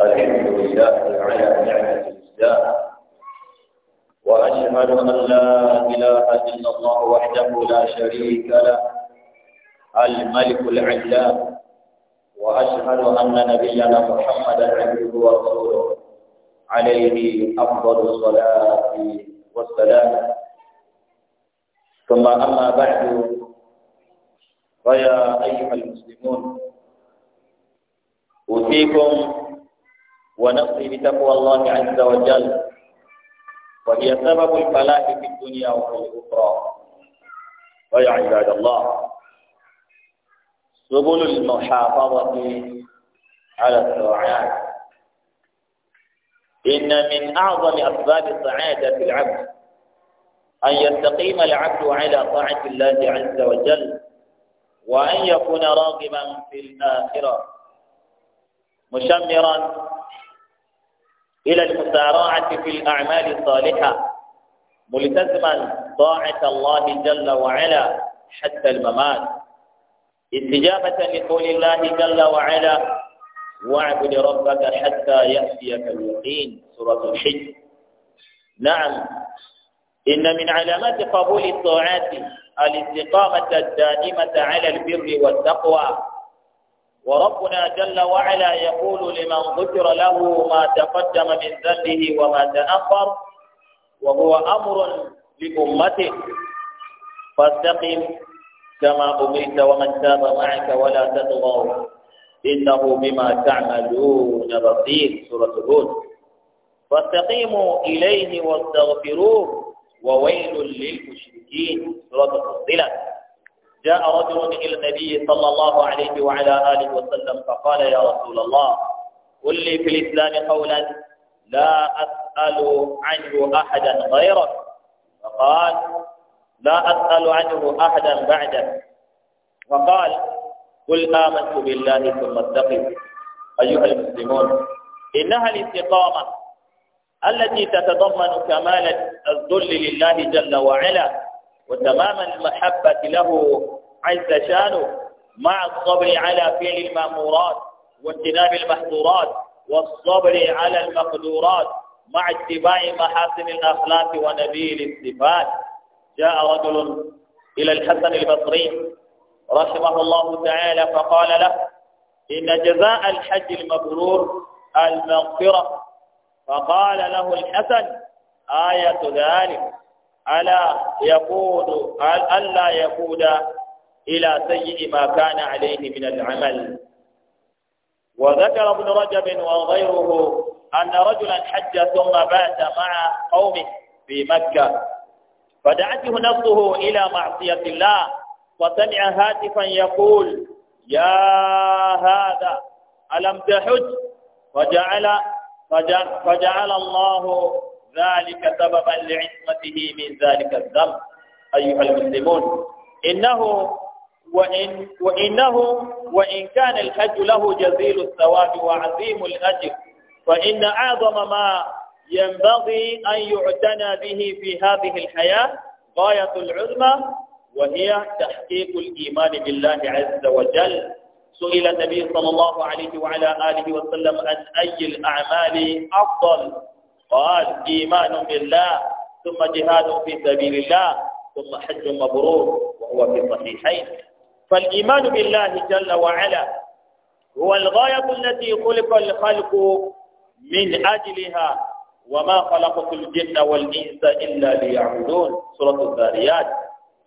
الحمد لله على نعمة الإسلام وأشهد أن لا إله إلا الله وحده لا شريك له الملك العلام وأشهد أن نبينا محمدا عبده ورسوله عليه أفضل الصلاة والسلام ثم أما بعد فيا أيها المسلمون أوصيكم ونفسي بتقوى الله عز وجل وهي سبب الفلاح في الدنيا وفي الأخرى ويا عباد الله سبل المحافظة على السعادة إن من أعظم أسباب سعادة العبد أن يستقيم العبد على طاعة الله عز وجل وأن يكون راغبا في الآخرة مشمرا إلى المسارعة في الأعمال الصالحة ملتزما طاعة الله جل وعلا حتى الممات استجابة لقول الله جل وعلا واعبد ربك حتى يأتيك اليقين سورة الحج نعم إن من علامات قبول الطاعات الاستقامة الدائمة على البر والتقوى وربنا جل وعلا يقول لمن ذكر له ما تقدم من ذنبه وما تأخر وهو أمر لأمته فاستقم كما أمرت ومن تاب معك ولا تطغوا إنه بما تعملون بصير سورة هود فاستقيموا إليه واستغفروه وويل للمشركين سورة فصلت جاء رجل إلى النبي صلى الله عليه وعلى آله وسلم فقال يا رسول الله قل لي في الإسلام قولا لا أسأل عنه أحدا غيرك فقال لا أسأل عنه أحدا بعدك وقال قل آمنت بالله ثم اتقوا أيها المسلمون إنها الاستقامة التي تتضمن كمال الذل لله جل وعلا وتمام المحبة له عز شانه مع الصبر على فعل المأمورات واجتناب المحظورات والصبر على المقدورات مع اتباع محاسن الأخلاق ونبيل الصفات جاء رجل إلى الحسن البصري رحمه الله تعالى فقال له إن جزاء الحج المبرور المغفرة فقال له الحسن آية ذلك ألا يقود ألا يقود إلى سيء ما كان عليه من العمل وذكر ابن رجب وغيره أن رجلا حج ثم بات مع قومه في مكة فدعته نفسه إلى معصية الله فسمع هاتفا يقول يا هذا ألم تحج فجعل, فجعل الله ذلك سببا لعصمته من ذلك الذنب أيها المسلمون إنه وإن وإنه وإن كان الحج له جزيل الثواب وعظيم الأجر فإن أعظم ما ينبغي أن يعتنى به في هذه الحياة غاية العظمى وهي تحقيق الإيمان بالله عز وجل سئل النبي صلى الله عليه وعلى آله وسلم عن أي الأعمال أفضل قال إيمان بالله ثم جهاد في سبيل الله ثم حج مبرور وهو في الصحيحين فالإيمان بالله جل وعلا هو الغاية التي خلق الخلق من أجلها وما خلقت الجن والإنس إلا ليعبدون سورة الذاريات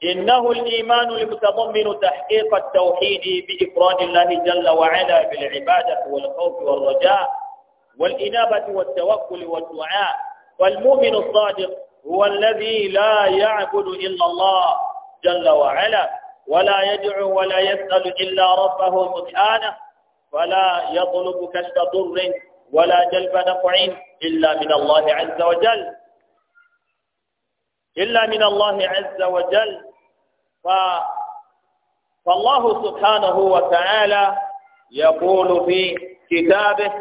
إنه الإيمان المتضمن تحقيق التوحيد بإفراد الله جل وعلا بالعبادة والخوف والرجاء والإنابة والتوكل والدعاء والمؤمن الصادق هو الذي لا يعبد إلا الله جل وعلا ولا يدعو ولا يسأل إلا ربه سبحانه فلا يطلب كشف ضر ولا جلب نفع إلا من الله عز وجل إلا من الله عز وجل ف... فالله سبحانه وتعالى يقول في كتابه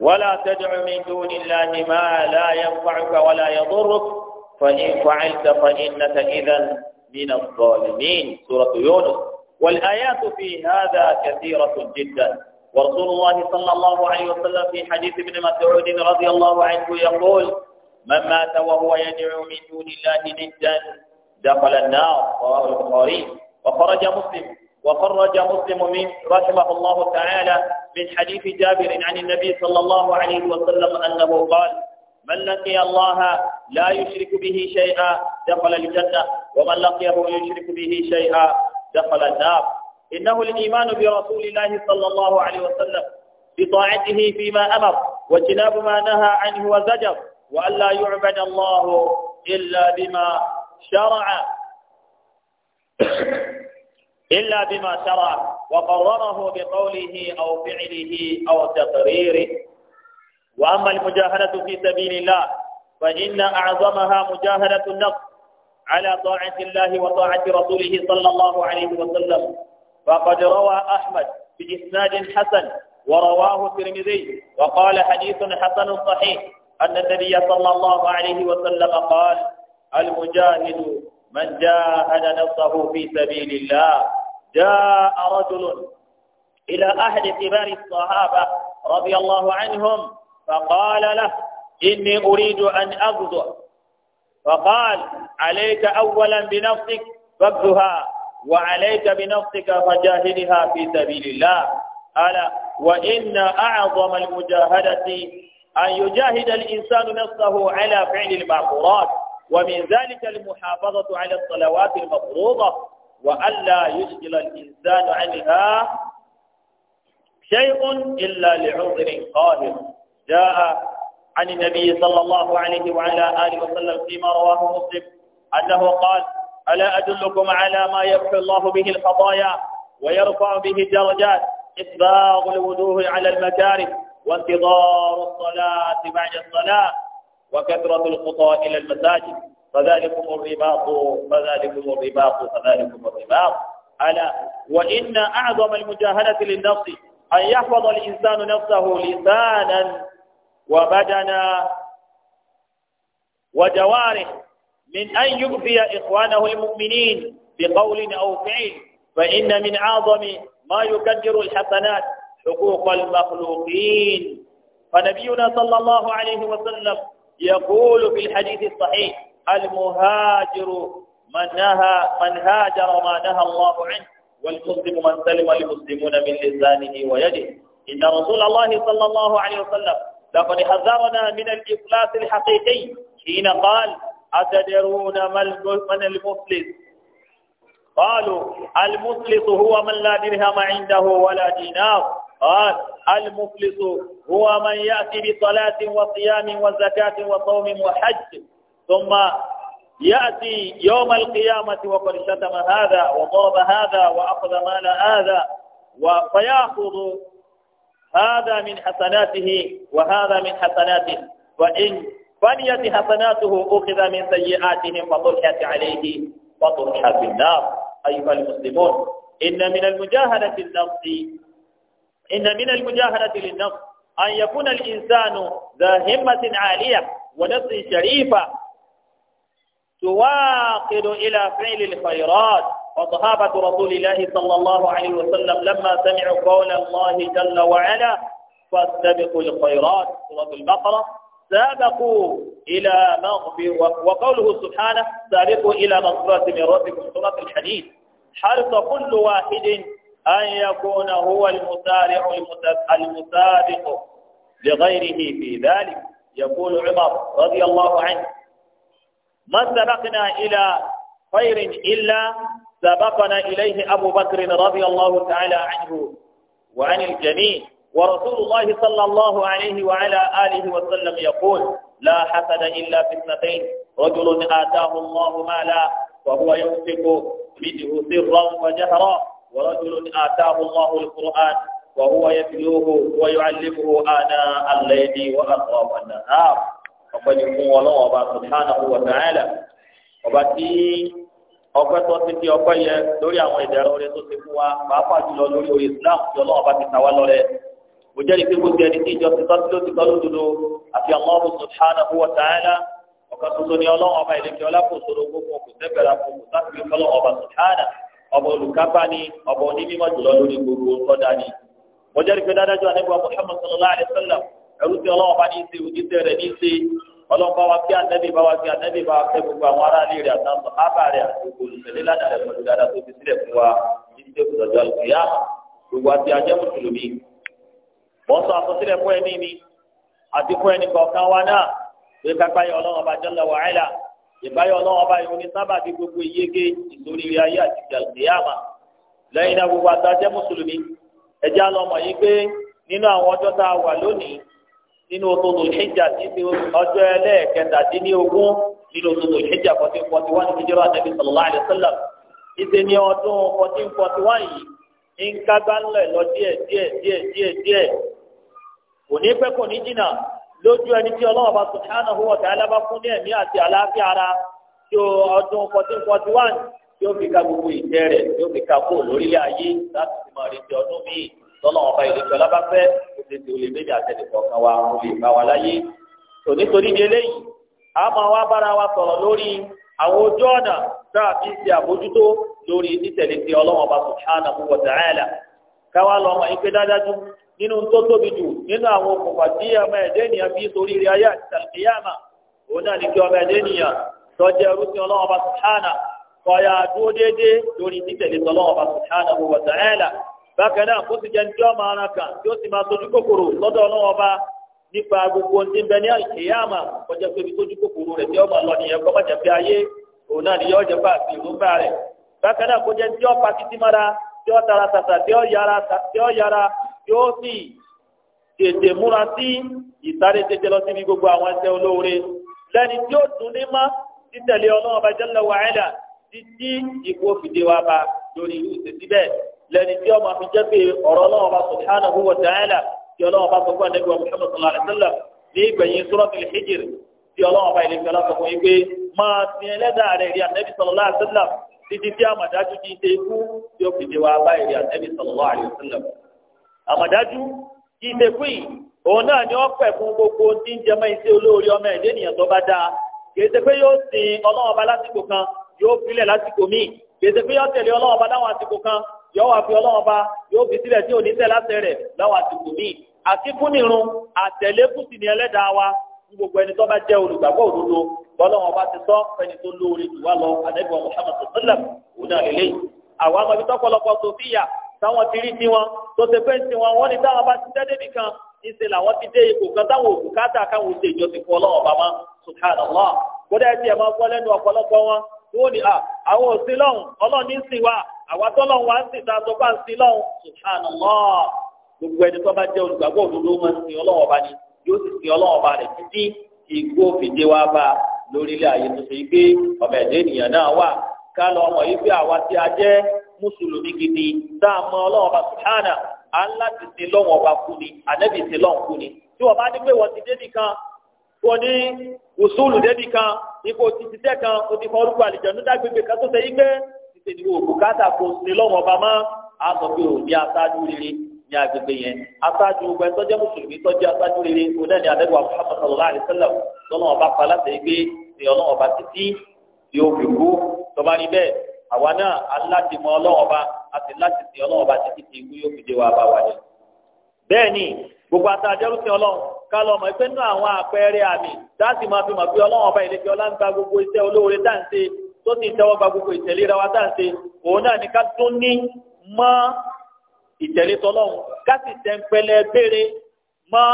ولا تدع من دون الله ما لا ينفعك ولا يضرك فإن فعلت فإنك إذا من الظالمين سورة يونس والآيات في هذا كثيرة جدا ورسول الله صلى الله عليه وسلم في حديث ابن مسعود رضي الله عنه يقول من مات وهو يدعو من دون الله ندا دخل النار رواه البخاري وخرج مسلم وخرج مسلم من رحمه الله تعالى من حديث جابر عن النبي صلى الله عليه وسلم أنه قال من لقي الله لا يشرك به شيئا دخل الجنة ومن لقيه يشرك به شيئا دخل النار إنه الإيمان برسول الله صلى الله عليه وسلم بطاعته فيما أمر واجتناب ما نهى عنه وزجر وأن لا يعبد الله إلا بما شرع إلا بما شرع وقرره بقوله أو فعله أو تقريره وأما المجاهدة في سبيل الله فإن أعظمها مجاهدة النفس على طاعة الله وطاعة رسوله صلى الله عليه وسلم فقد روى أحمد بإسناد حسن ورواه الترمذي وقال حديث حسن صحيح أن النبي صلى الله عليه وسلم قال المجاهد من جاهد نفسه في سبيل الله جاء رجل إلى أهل كبار الصحابة رضي الله عنهم فقال له إني أريد أن أغزو فقال عليك أولا بنفسك فاغزها وعليك بنفسك فجاهدها في سبيل الله ألا وإن أعظم المجاهدة أن يجاهد الإنسان نفسه على فعل المعقولات ومن ذلك المحافظة على الصلوات المفروضة وألا يشغل الإنسان عنها شيء إلا لعذر قادر جاء عن النبي صلى الله عليه وعلى آله وسلم فيما رواه مسلم أنه قال ألا أدلكم على ما يرفع الله به الخطايا ويرفع به الدرجات إسباغ الوجوه على المكارم وانتظار الصلاة بعد الصلاة وكثرة الخطى إلى المساجد فذلكم الرباط فذلكم الرباط فذلكم الرباط ألا وإن أعظم المجاهلة للنفس أن يحفظ الإنسان نفسه لسانا وبدنا وجوارح من أن يغفي إخوانه المؤمنين بقول أو فعل فإن من أعظم ما يكدر الحسنات حقوق المخلوقين فنبينا صلى الله عليه وسلم يقول في الحديث الصحيح المهاجر من نهى من هاجر ما نهى الله عنه والمسلم من سلم المسلمون من لسانه ويده إن رسول الله صلى الله عليه وسلم لقد حذرنا من الإفلاس الحقيقي حين قال أتدرون من المفلس قالوا المفلس هو من لا درهم عنده ولا دينار قال المفلس هو من يأتي بصلاة وصيام وزكاة وصوم وحج ثم يأتي يوم القيامة وقد شتم هذا وضرب هذا وأخذ مال هذا فيأخذ هذا من حسناته وهذا من حسناته وإن فنيت حسناته أخذ من سيئاتهم فطرحت عليه وطرح في النار أيها المسلمون إن من المجاهدة للنفس إن من المجاهدة للنفس أن يكون الإنسان ذا همة عالية ونفس شريفة تواقد إلى فعل الخيرات وصحابة رسول الله صلى الله عليه وسلم لما سمعوا قول الله جل وعلا فاستبقوا الخيرات سورة البقرة سابقوا إلى مغفر وقوله سبحانه سابقوا إلى مغفرة من ربكم سورة الحديث حرص كل واحد أن يكون هو المسارع المسابق لغيره في ذلك يقول عمر رضي الله عنه ما سبقنا إلى خير إلا سبقنا إليه أبو بكر رضي الله تعالى عنه وعن الجميع ورسول الله صلى الله عليه وعلى آله وسلم يقول لا حسد إلا في اثنتين رجل آتاه الله مالا وهو يمسك منه سرا وجهرا ورجل آتاه الله القرآن وهو يتلوه ويعلمه آناء الليل وأطراف النهار ọpẹ́ ni fún Ọlọ́run ọba subhanahu wa ta'ala ọba tí ọpẹ́ tó ti di ọpẹ́ yẹ lórí àwọn ìdẹ̀rọ rẹ̀ tó ti fún wa pàápàá jùlọ lórí orí islam tí Ọlọ́run ọba ti ta wá lọ́rẹ mo jẹ́rìí pé gbogbo ẹni tí ìjọ ti tọ́ sí ló ti tọ́ lódodo àti Allahu subhanahu wa ta'ala ọ̀kan tuntun ni Ọlọ́run ọba ìlẹ́kẹ̀ ọlákòsoro gbogbo kò sẹ́gbẹ̀rẹ̀ kò kò ẹrú tí ọlọ́wọ́ bá ní í ṣe òjíṣẹ́ rẹ̀ ní í ṣe ọlọ́wọ́ bá wa kí ànábì bá wa kí ànábì bá wa kẹ́ gbogbo àwọn aráàlú rẹ̀ àtàwọn sọ̀hábà rẹ̀ àti gbogbo olùsẹ̀lẹ̀ lánàá rẹ̀ pẹ̀lú dáadáa tó fi sílẹ̀ fún wa ní ti tẹ́kù lọ́jọ́ àlùkìyà gbogbo àti ajẹ́ mùsùlùmí. wọ́n sọ àsọsílẹ̀ fún ẹni mi àti fún ẹni kọ̀ọ̀kan wa náà pé kápáyọ̀ ọlọ́wọ́ bá jẹ́lẹ̀ wàhálà ìbáyọ̀ ọlọ́wọ́ bá nínú oṣù lòlẹ́jà títí ọjọ́ ẹlẹ́ẹ̀kẹtàdínlógún nínú oṣù lòlẹ́jà fourteen forty one ìdíjọ́rọ̀ àdàbí sallallahu alaihi wasallam ìṣe ní ọdún fourteen forty one yìí ń kágbá ńlẹ̀ lọ díẹ̀ díẹ̀ díẹ̀ díẹ̀ díẹ̀ kò ní pẹ́ kò ní jìnnà lójú ẹni tí Ọlọ́run bá subhanahu wa ta'ala bá fún ní ẹ̀mí àti àlàáfíà ara tí ọdún fourteen forty one tí fi ka gbogbo ìjẹ́ rẹ̀ tí fi ka kó lórílẹ̀ ayé láti fi máa retí ọdún míì tọ́lọ́ ọba ìdíjọ́ lábáfẹ́ òṣèṣe olè méjì àtẹnì kọ̀ọ̀kan wa olè bá wa láyé tò nítorí di eléyìí a máa wá bára wa sọ̀rọ̀ lórí àwọn ojú ọ̀nà tá a fi ń ṣe àbójútó lórí títẹ̀lé ti ọlọ́wọ́n ọba subhanahu wa ta'ala káwá lọ ọmọ ìpè dájájú nínú tó tóbi jù nínú àwọn òkùnfà tí ọmọ ẹ̀dẹ́ ènìyàn fi sórí rẹ̀ ayé àti tàlùkìyàmà òun náà ní kí ọmọ ẹ̀dẹ́ ènìyàn tọ́jú ẹrú sí ọlọ́wọ́n ọba subhanahu kọ́ya dúró déédéé lórí títẹ̀lé tọ́lọ́wọ́n ọba subhanahu wa ta'ala bákan náà kó sì jẹ́ ní ọmọ ara kan tí ó sì máa sojú kòkòrò lọ́dọ̀ ọlọ́wọ́ bá nípa gbogbo ohun tí ń bẹ ní ìyáàmà kọjá pé ibi sojú kòkòrò rẹ̀ tí ọmọ lọ nìyẹn kọ́ bàjẹ́ pé ayé òun náà nìyẹn ọjọ́ bá àti ìlú bá rẹ̀ bákan náà kó jẹ́ tí ó títí mára tí ó tara tàtà tí ó yára tí ó yára tí ó sì tètè múra sí ìsáré tètè lọ síbi gbogbo àwọn ẹsẹ̀ olóore lẹ́ni tí ó dùn ní má títẹ̀lé ọlọ́run jẹ́ lọ́wọ́ àyẹ̀dà títí ìkó fìdí wa bá lórí ìlú lẹ́ni tí ọmọ fi jẹ́ pé ọ̀rọ̀ ọlọ́wọ́ bá subhanahu wa ta'ala tí ọlọ́wọ́ bá sọ fún àdébíwá sallallahu alayhi wa sallam ní ìgbẹ̀yìn suratul hijr tí ọlọ́wọ́ bá ti ṣe ikú yọ wà fi ọlọ́wọ́n bá yóò fi sílẹ̀ tí ò ní tẹ̀ láṣẹ rẹ̀ lọ́wọ́ àsìkò míì àkíkúnirun àtẹ̀lékù sì ni ẹlẹ́dàá wa ní gbogbo ẹni tó bá jẹ́ olùgbàgbọ́ òdodo bọ́lọ́wọ́n bá ti sọ ẹni tó lóore jù wá lọ àdẹ́bí wọn Muhammad sallam òun náà lélẹ́yìn àwọn àgbàbí tọ́pọ̀lọpọ̀ sofiya táwọn ti rí tiwọn tó ti fẹ́ tiwọn wọ́n ní táwọn bá ti tẹ́ débi kan ìṣe làwọn ti dé ipò kan táwọn òkú káàtà káwọn ṣe ìjọsìn fún ọlọ́wọ́n bàmá subhanallah kódà ẹ tiẹ̀ máa gbọ́ lẹ́nu ọ̀pọ̀lọpọ̀ wọn tó ní à àwọn òsín lọ́hùn ọlọ́ọ̀ni ń sìn wá àwa tọ́lọ̀ wa ń sìn tààtọ́ bá ń sin lọ́hùn subhanallah gbogbo ẹni tó bá jẹ́ olùgbàgbọ́ òdodo máa ń sin ọlọ́wọ́ bá ní yóò sì sin ọlọ́wọ́ bá rẹ̀ títí ìgbó fìdí wa bá lórílẹ̀ ayé tó ṣe gbé ọmọ ẹ̀dẹ́ ènìyàn náà wà ká lọ ọmọ yìí pé àwa tí a jẹ́ mùsùlùmí gidi tá a mọ ọlọ́wọ́ bá subhana à ń láti sin lọ́wọ́ bá kú ni ànẹ́bì sin lọ́wọ́ kú ni tí wọ́n bá ní pé wọ́n ti débì kan wọ́n ní wùsùlù débì kan ipò títí tẹ́ kan ó ti fọ́ orúkọ kan tó ṣe yí pé títí ní òbúkátà kò sí lọ́wọ́ ọba mọ́ a sọ pé ò ní aṣáájú rere ní agbègbè yẹn aṣáájú gbẹ tọ́jú mùsùlùmí tọ́jú aṣáájú rere onáni adẹ́gbà Muhammad sallallahu alaihi wasallam lọ́nà ọba pa láti gbé ní ọ̀nà ọba títí yóò fi kú tọ́ba rí bẹ́ẹ̀ àwa náà aláti mọ ọlọ́wọ́ ọba àti láti sin ọlọ́wọ́ ọba títí ti ikú yóò fi dé wa bá wa ní. bẹ́ẹ̀ ni gbogbo aṣáájú sin ọlọ́run kálọ̀ mọ̀ pé nínú àwọn àpẹẹrẹ àmì dáàsì máa fi mọ̀ pé ọlọ́wọ́ ọba ìlẹ́jọ́ ọlá gbogbo iṣẹ́ olóore dáǹsẹ́ tó ti tẹ́wọ́ gba gbogbo ìtẹ̀léra wa tá òun náà ni ká tún ní mọ́ ìtẹ̀lé tọlọ́hun ká sì tẹ̀ǹpẹ̀lẹ̀ béèrè mọ́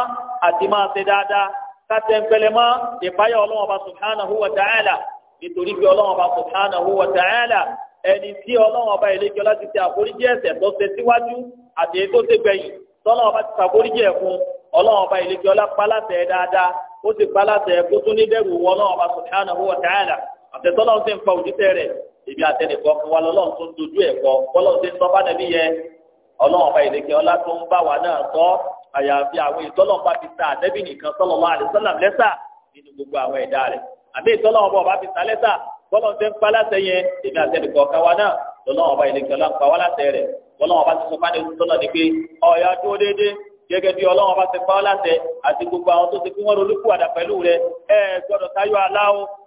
àti máa ṣe dáadáa ká tẹ̀ǹpẹ̀lẹ̀ mọ́ ìpáyà ọlọ́wọ́n bá subhanahu wa ta'ala nítorí pé ọlọ́wọ́n bá subhanahu wa ta'ala ẹni tí ọlọ́wọ́n bá ilé jọlá ti ṣe àforíjì ẹ̀ṣẹ̀ tó ṣe síwájú àti èyí tó ṣe gbẹ̀yìn tọ́lọ́wọ́n bá ti ṣàforíjì ẹ̀ fún ọlọ́wọ́n bá ilé jọlá pálásẹ̀ dáadáa ó sì pálásẹ̀ kó tún ní dẹ́rù wọn ọlọ́wọ́n bá subhanahu wa ta'ala àtẹ̀tọ́lọ́ ń ṣe ń pa òjíṣẹ́ rẹ̀ èmi àtẹnìkọ́ fún wa lọ́lọ́run tó ń dojú ẹ̀ kọ́ bọ́lọ́run ṣe ń sọ bánẹ́bí yẹ ọlọ́run ọba ìlẹ̀kẹ́ ọlá tó ń bá wa náà sọ àyàfi àwọn ìtọ́lọ́run bá fi ta ànẹ́bí nìkan sallallahu alaihi wasallam lẹ́sà nínú gbogbo àwọn ẹ̀dá rẹ̀ àbí ìtọ́lọ́run ọba fi ta lẹ́sà bọ́lọ́run ṣe ń pa láṣẹ yẹn èmi àtẹnìkọ́ kan wa náà lọ́lọ́run ọba ìlẹ̀kẹ́ ọlá ń pa wá láṣẹ rẹ̀ ọlọ́run ọba ti sọ fún àdéhùn sọ́nà ni pé ọ̀yà dúró déédéé gẹ́gẹ́ bí ọlọ́run ọba ti pa ọ́ láṣẹ àti gbogbo àwọn tó ti fi wọ́n ronú kúwàdà pẹ̀lú ẹ gbọ́dọ̀ táyọ̀ aláwọ̀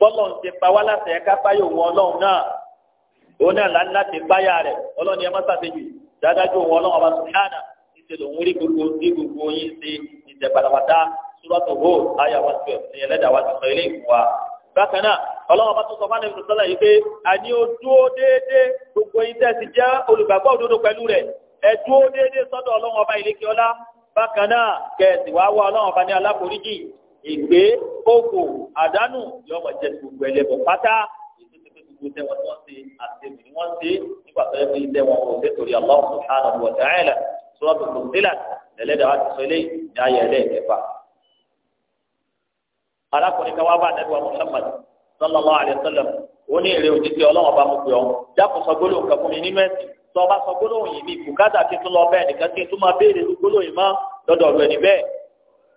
bọ́lọ̀ ń ti pa wá láti ẹ̀ka báyò wọ ọlọ́run náà òun náà láti láti báyà rẹ̀ ọlọ́run ni ẹ má ṣàṣejù dáadájú òun ọlọ́run ọba sùnìyànà ìṣe lòun rí gbogbo rí gbogbo yín ṣe ìṣẹ̀ pátápátá sùrọ̀tò hó àyà wa ti ọ̀sìn ẹlẹ́dàá wa ti sọ ilé ìfún wa. bákan náà ọlọ́run ọba tó sọ fún àwọn ìṣọ̀lá yìí pé àní o dúó déédéé gbogbo yín tẹ́ ti jẹ́ olùgbàgbọ́ òdodo pẹ̀lú rẹ̀ ẹ dúó déédéé sọ́dọ̀ ọlọ́run ọba ìlékiọlá bákan náà kẹ̀sì wá ìgbé òkò àdánù yóò wọ jẹ gbogbo ẹlẹbọ pátá ètò tó fi gbogbo tẹ wọn wọn ṣe àtẹnù ni wọn ṣe nígbà tó yẹ kó ilé wọn kò ṣe torí Allah subhanahu wa ta'ala suratul Fussilat lẹlẹdàá wa ti sọ eléyìí ní ayé ẹlẹ́ẹ̀kẹfà. arákùnrin kan wá bá nẹbi wa Muhammad sallallahu alayhi wa sallam ó ní èrè òjijì ọlọ́wọ́n bá mú pé jákò sọ gbólóhùn kan mi ní mẹ́sì tó sọ gbólóhùn yìí mi bùkátà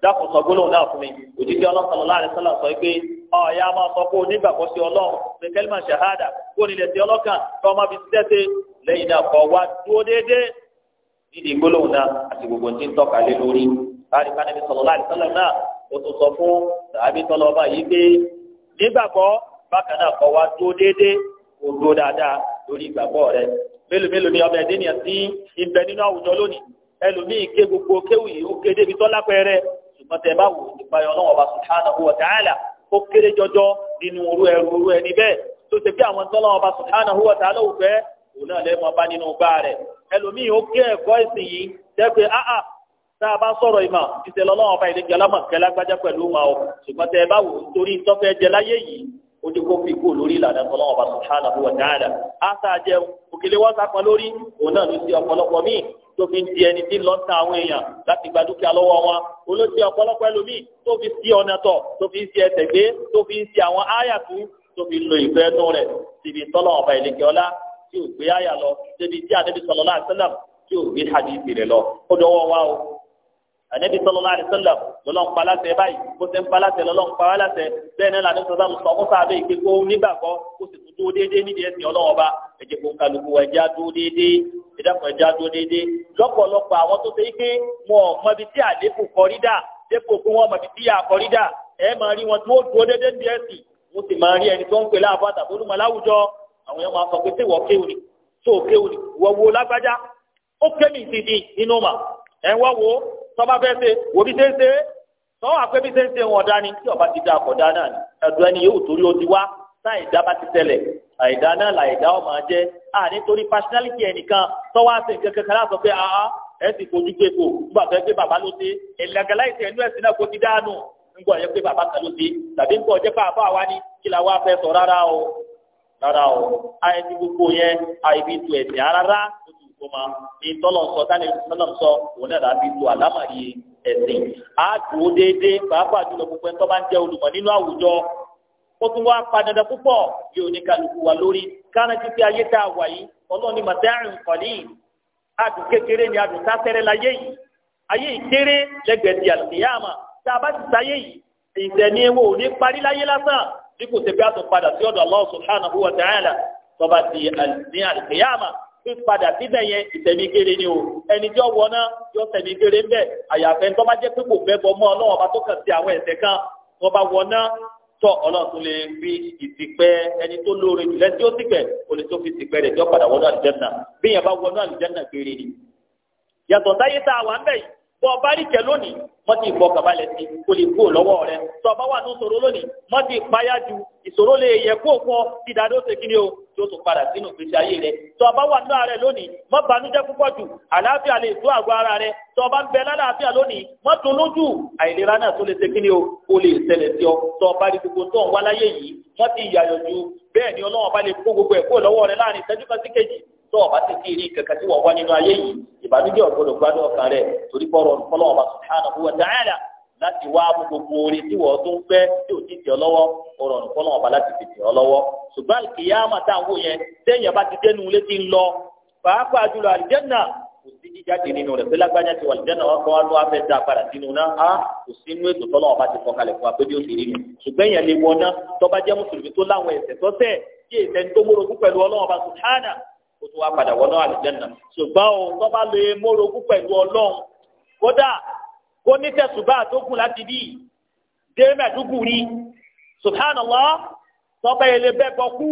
dákun sọ gbólóhùn náà fún mi òjijì láàrin sọ pé ọ̀ọ́yá máa sọ pé onígbàgbọ́ sí ọlọ́run pé kẹ́límà ṣàhádà kó nílẹ̀ sí ọlọ́kàn kọ́ ọmọ fi tẹ́tẹ́ lẹ́yìn náà kọ́ wá déédéé nídìí gbólóhùn náà àti gbogbo ní tọ́ka lé lórí láàrin láàrin sọlọ náà ó tún sọ fún ọba yìí pé bákan náà kọ́ wá ṣùgbọ́n tẹ bá wò ó nípa ẹ̀ kéré jọjọ nínú orú ọrụ orú ẹni bẹ́ẹ̀ tó ṣe bí àwọn tọ́lọ́wọ́ bá subhanahu wa tààlà ò òun náà lẹ́mọ̀ bá nínú gbá rẹ̀ ẹlòmíì ó kí ẹ̀kọ́ ìsìn yìí jẹ́ áà tá a bá sọ̀rọ̀ ìmọ̀ ìṣẹ̀lẹ̀ ọlọ́wọ́ bá ìdíje pẹ̀lú ṣùgbọ́n bá ó dé kófì kó lórí ìlànà ọlọ́wọ́n bá subhanahu wa ta'ala àṣà jẹun òkèlè wọn sápọn lórí òun náà ló ti ọ̀pọ̀lọpọ̀ míì tó fi ń di ẹni tí ń lọ ta àwọn èèyàn láti gba dúkìá lọ́wọ́ wọn olóṣèlú ọ̀pọ̀lọpọ̀ ẹlòmíì tó fi sí ọ̀nà tọ̀ tó fi ń ṣe ẹsẹ̀ gbé tó fi ń ṣe àwọn áyàtú tó fi lo ìfẹ́ nú rẹ̀ síbi tọ́lọ̀ ọ̀bà ìlẹ̀kẹ́ ọlá tí ò gbé áyà lọ débi tí àdébísọ̀lọ́lá àṣẹlẹ̀ tí ò gbé hadith rẹ̀ lọ ó dọwọ́ wa o anabi sallallahu alaihi wasallam lọlọrun pa láṣẹ báyìí kó ṣe ń pa láṣẹ lọlọrun pa wá láṣẹ bẹ́ẹ̀ náà lànà sọsọ sọ fún sáà bẹ́ẹ̀ pé kó nígbàgbọ́ kó sì tún dúró déédéé nídìí ẹsìn Ọlọ́run ọba ẹjẹ kó kálukú ẹjẹ dúró déédéé ìdákùn ẹjẹ dúró déédéé lọ́pọ̀lọpọ̀ àwọn tó ṣe é pé wọn ò mọbi tí àlékù kọrídà dépò pé wọn mọbi tí yà kọrídà ẹ máa rí wọn ẹ wá wo tọ́ba fẹ́ ṣe wò bí ṣe ń ṣe tọ́wọ́ àpé bí ṣe ń ṣe wọn ọ̀dá ni tí ọba ti dá akọ̀dá náà ni ẹ̀dùn ẹni yóò torí o ti wá táìdá bá ti tẹ̀lẹ̀ àìdá náà làìdá ọ̀ máa jẹ́ à nítorí pásítálìkì ẹnìkan tọ́wọ́ àti nǹkan kankan láti sọ pé àá ẹ sì fojú pé kò nígbà tó pé bàbá ló ṣe ẹ̀lẹ́gàlá ìṣẹ̀ ẹnu ẹ̀sìn náà kò ti dáànù nígbà yẹ pé bàbá kan ló ṣe tàbí nígbà ọjọ́ pé àbá wa ni kí la wá fẹ́ sọ rárá o rárá o àìsí gbogbo yẹn àìbí tu tó máa ní tọ́lọ̀ sọ táni tọ́lọ̀ sọ òun náà láti lo àlámàrí ẹ̀sìn á dùn ó déédéé pàápàá jùlọ gbogbo ẹni tó bá ń jẹ́ olùmọ̀ nínú àwùjọ ó tún wá padàdà púpọ̀ bí oníkàlùkù wà lórí káràntì pé ayé tá a wà yìí ọlọ́ọ̀ni màtáàrin kọ̀lì adùn kékeré ni adùn sásẹ́rẹ́ láyé yìí ayé yìí kéré lẹ́gbẹ̀ẹ́ àlùkìyàmà tá a bá ti sáyé yìí ìtẹ̀ni ewo ò ní parí láyé lásán bí kò tẹ̀gbẹ́ àtún padà sí ọ̀dọ̀ Allah subhanahu wa ta'ala tọ́ba ti ní àlùkìyàmà pípadà síbẹ̀ yẹn ìtẹ̀mí kéré ni o ẹni tí ó wọ náà yọ tẹ̀mí kéré ń bẹ̀ àyàfẹ́ tó bá jẹ́ pé kò mọ́ tó sí àwọn ẹ̀ṣẹ̀ kan wọ́n bá wọ náà tọ́ ọlọ́run tó lè fi ẹni tó lóore jù lẹ́sí ó lè ni. yàtọ̀ tá a wà ń bẹ̀ bọ́ ọba lónìí wọ́n ti bọ́ kàbálẹ̀ sí ọba wà ní ìṣòro lónìí wọ́n ju ìṣòro lè yẹ kó ti o yóò tún padà sínú ìgbésí ayé rẹ tó o bá wà nínú ààrẹ lónìí má banújẹ́ púpọ̀ jù àlàáfíà lè tó àgọ́ ara rẹ tó o bá ń bẹ lálàáfíà lónìí má dunnú jù àìlera náà tó lè ṣe kí ni o kó lè ṣẹlẹ̀ sí ọ tó o bá rí gbogbo tó ń wá láyé yìí wọ́n ti yàyọ̀ ju bẹ́ẹ̀ ni ọlọ́wọ́n bá lè kó gbogbo ẹ̀ kúrò lọ́wọ́ rẹ láàrin ìṣẹ́jú kan sí kejì tó o bá ti ti rí kankan tí wọ́n wá nínú ayé yìí ìbànújẹ́ ọ̀gbọ́dọ̀ gbádùn ọkàn rẹ torí láti wá mú gbogbo orí tí wọ́n tún fẹ́ tí ò ti tẹ̀ ọ́ lọ́wọ́ ó rọrùn fọ́nà ọba láti fi tẹ̀ ọ́ lọ́wọ́ ṣùgbọ́n àlùkìyámà tá à ń wò yẹn téèyàn bá ti dénú létí ń lọ pàápàá jùlọ àlùjẹ́nà kò sí jíjáde nínú rẹ̀ pé lágbájá ti wà àlùjẹ́nà wọn kọ́ ló wá fẹ́ dá padà sínú náà á kò sí inú ètò tọ́lọ́ ọba ti fọkalẹ̀ fún wa pé rí nu ṣùgbọ́n èèyàn lè wọná ó ní tẹ̀sùbá tó kù láti bí dé Mẹ́dúgùrí subhanallah tọ́pẹ́ ilé bẹ́ẹ̀ bọ́ kú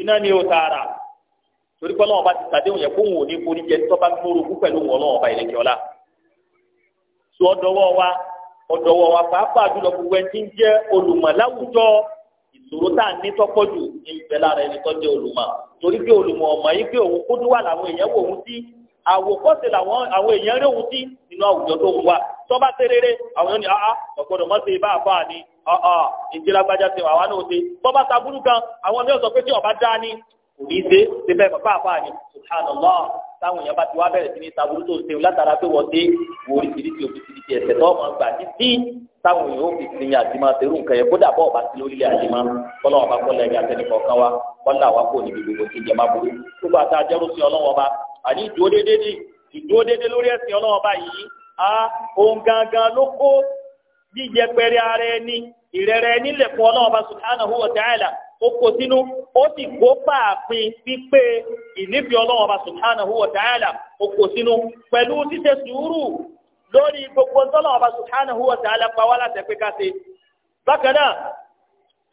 iná ni ó tààrà torí pé ọlọ́wọ́ bá ti sàdéhùn yẹn fóun ò ní forí jẹ tọ́ba gbóòrò pẹ̀lú wọn ọlọ́wọ́ bá ilé sọ ọdọwọ́ wa ọdọwọ́ wa pàápàá jùlọ gbogbo ẹni tí àwòkọ́ṣe làwọn àwọn èèyàn rí ohun tí nínú àwùjọ tó ń wà tó bá ṣe rere àwọn ní àá ọ̀gbọ́dọ̀ mọ́ ṣe bá àbá ni ọ̀ọ́ ìdílágbájá ṣe wà wá náà ṣe tó bá ta burú gan àwọn mìíràn sọ pé tí ọba dá ni kò ní ṣe ṣe bẹ́ẹ̀ bàbá àbá ni subhanallah táwọn èèyàn bá ti wá bẹ̀rẹ̀ sí ní ta burú tó ṣe látara pé wọ́n dé wo oríṣiríṣi oríṣiríṣi ẹ̀sẹ̀ tó ọmọ gbà títí táwọn èèyàn ó fi sinmi àti máa ṣerú nǹkan yẹn kódà bọ́ọ̀ bá ti lórílẹ̀ àti máa kọ́lá wọn bá kọ́lá ẹ̀yà tẹnifọ̀ kan wa kọ́lá wa kò níbi gbogbo ti jẹ́ máa burú gbogbo àtàjẹ́rú sí ọlọ́wọ́ bá àní ìdúró déédéé ni ìdúró déédéé lórí ẹ̀sìn ọlọ́run ọba yìí a òun gangan ló kó yíyẹpẹrẹ ara ẹni ìrẹ̀rẹ̀ nílẹ̀ fún ọlọ́run ọba subhanahu wa ta'ala ó kó sínú ó sì kó pààfin pípé ìnífi ọlọ́run ọba subhanahu wa ta'ala ó kó sínú pẹ̀lú ṣíṣe sùúrù lórí gbogbo ọlọ́run ọba subhanahu wa ta'ala pa láti ẹ̀pẹ́ káṣe bákan náà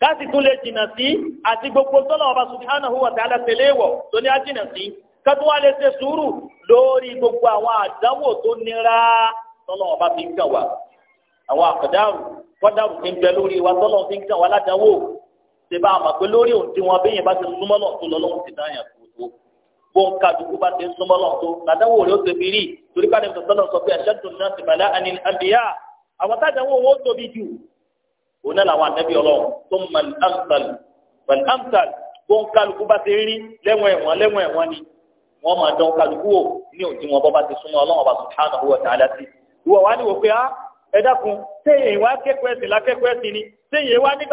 káṣí tún lè jìnnà sí àti gbogbo ọlọ́run ọba subhanahu wa ta'ala tẹ̀lé wọ̀ tó ní á jìnnà sí kátó wá lè ṣe sùúrù lórí gbogbo àwọn àdánwò tó nira tọ́lọ́ ọba fi ń kàn wá àwọn àkàdáàrù kọ́dáàrù ti ń bẹ lórí wa tọ́lọ́ fi ń kàn wá ládàáwò ṣe bá àmọ̀ pé lórí òǹtí wọn bí yẹn bá ti súnmọ́ lọ́n tó lọ́lọ́run ti dáhùn yàtọ̀ tó bó ń ka dùkú bá ti súnmọ́ lọ́n tó ládàáwò rẹ̀ ó ti fi rí torí ká lẹ́yìn tọ́lọ́ sọ pé ẹ̀ṣẹ́ dùn náà ti bàlá àní amsal amsal bó ń ka dùkú bá ni wọ́n máa dán kálukú wò ní òdi wọn bọ́ bá ti súnmọ́ ọlọ́run ọba subhanahu wa ta'ala sí ni wò pé á ah, ẹ dákun téèyàn wá kẹ́kọ̀ọ́ ẹ̀sìn lákẹ́kọ̀ọ́ ẹ̀sìn ni téèyàn wá ni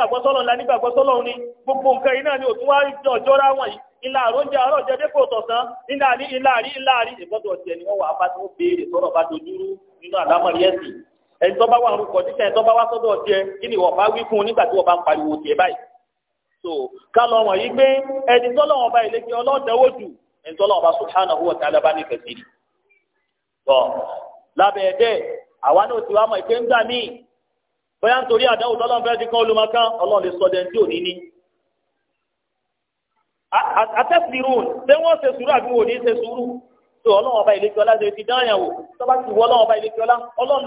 òtún wá jọjọ́ra wọ̀n yìí ilà àròjẹ àròjẹ dépò tọ̀sán ilà rí ilà rí ilà rí ìbọ́dọ̀ tiẹ̀ ni wọ́n wà bá tó béèrè sọ̀rọ̀ bá dojúrú nínú àlámọ̀rí ẹ̀sìn ẹni tó bá wà rúkọ títẹ̀ ẹni tó bá wá sọ́dọ̀ tiẹ̀ kí ni wọ́n bá wí fún un nígbà tí wọ́n bá ń pariwo tiẹ̀ báyìí so ká lọ wọ̀nyí pé ẹni tó lọ́wọ́ bá ilé nítorí ọba subhanahu wa bá tọ́ àwa náà ti wá mọ̀ ìpé ń gbà mí bóyá nítorí àdáwò fẹ́ ti kọ́ ọlọ́run lè sọ dẹ́ntì òní ní. atẹ́sìrún ṣé wọ́n ṣe sùúrù àbí wò ní ṣe sùúrù tó ọlọ́run ọba ìlẹ́kẹ́ ọlá ṣe ti dáhùn wò tó ti wọ ọlọ́run ọba ìlẹ́kẹ́ ọlá ọlọ́run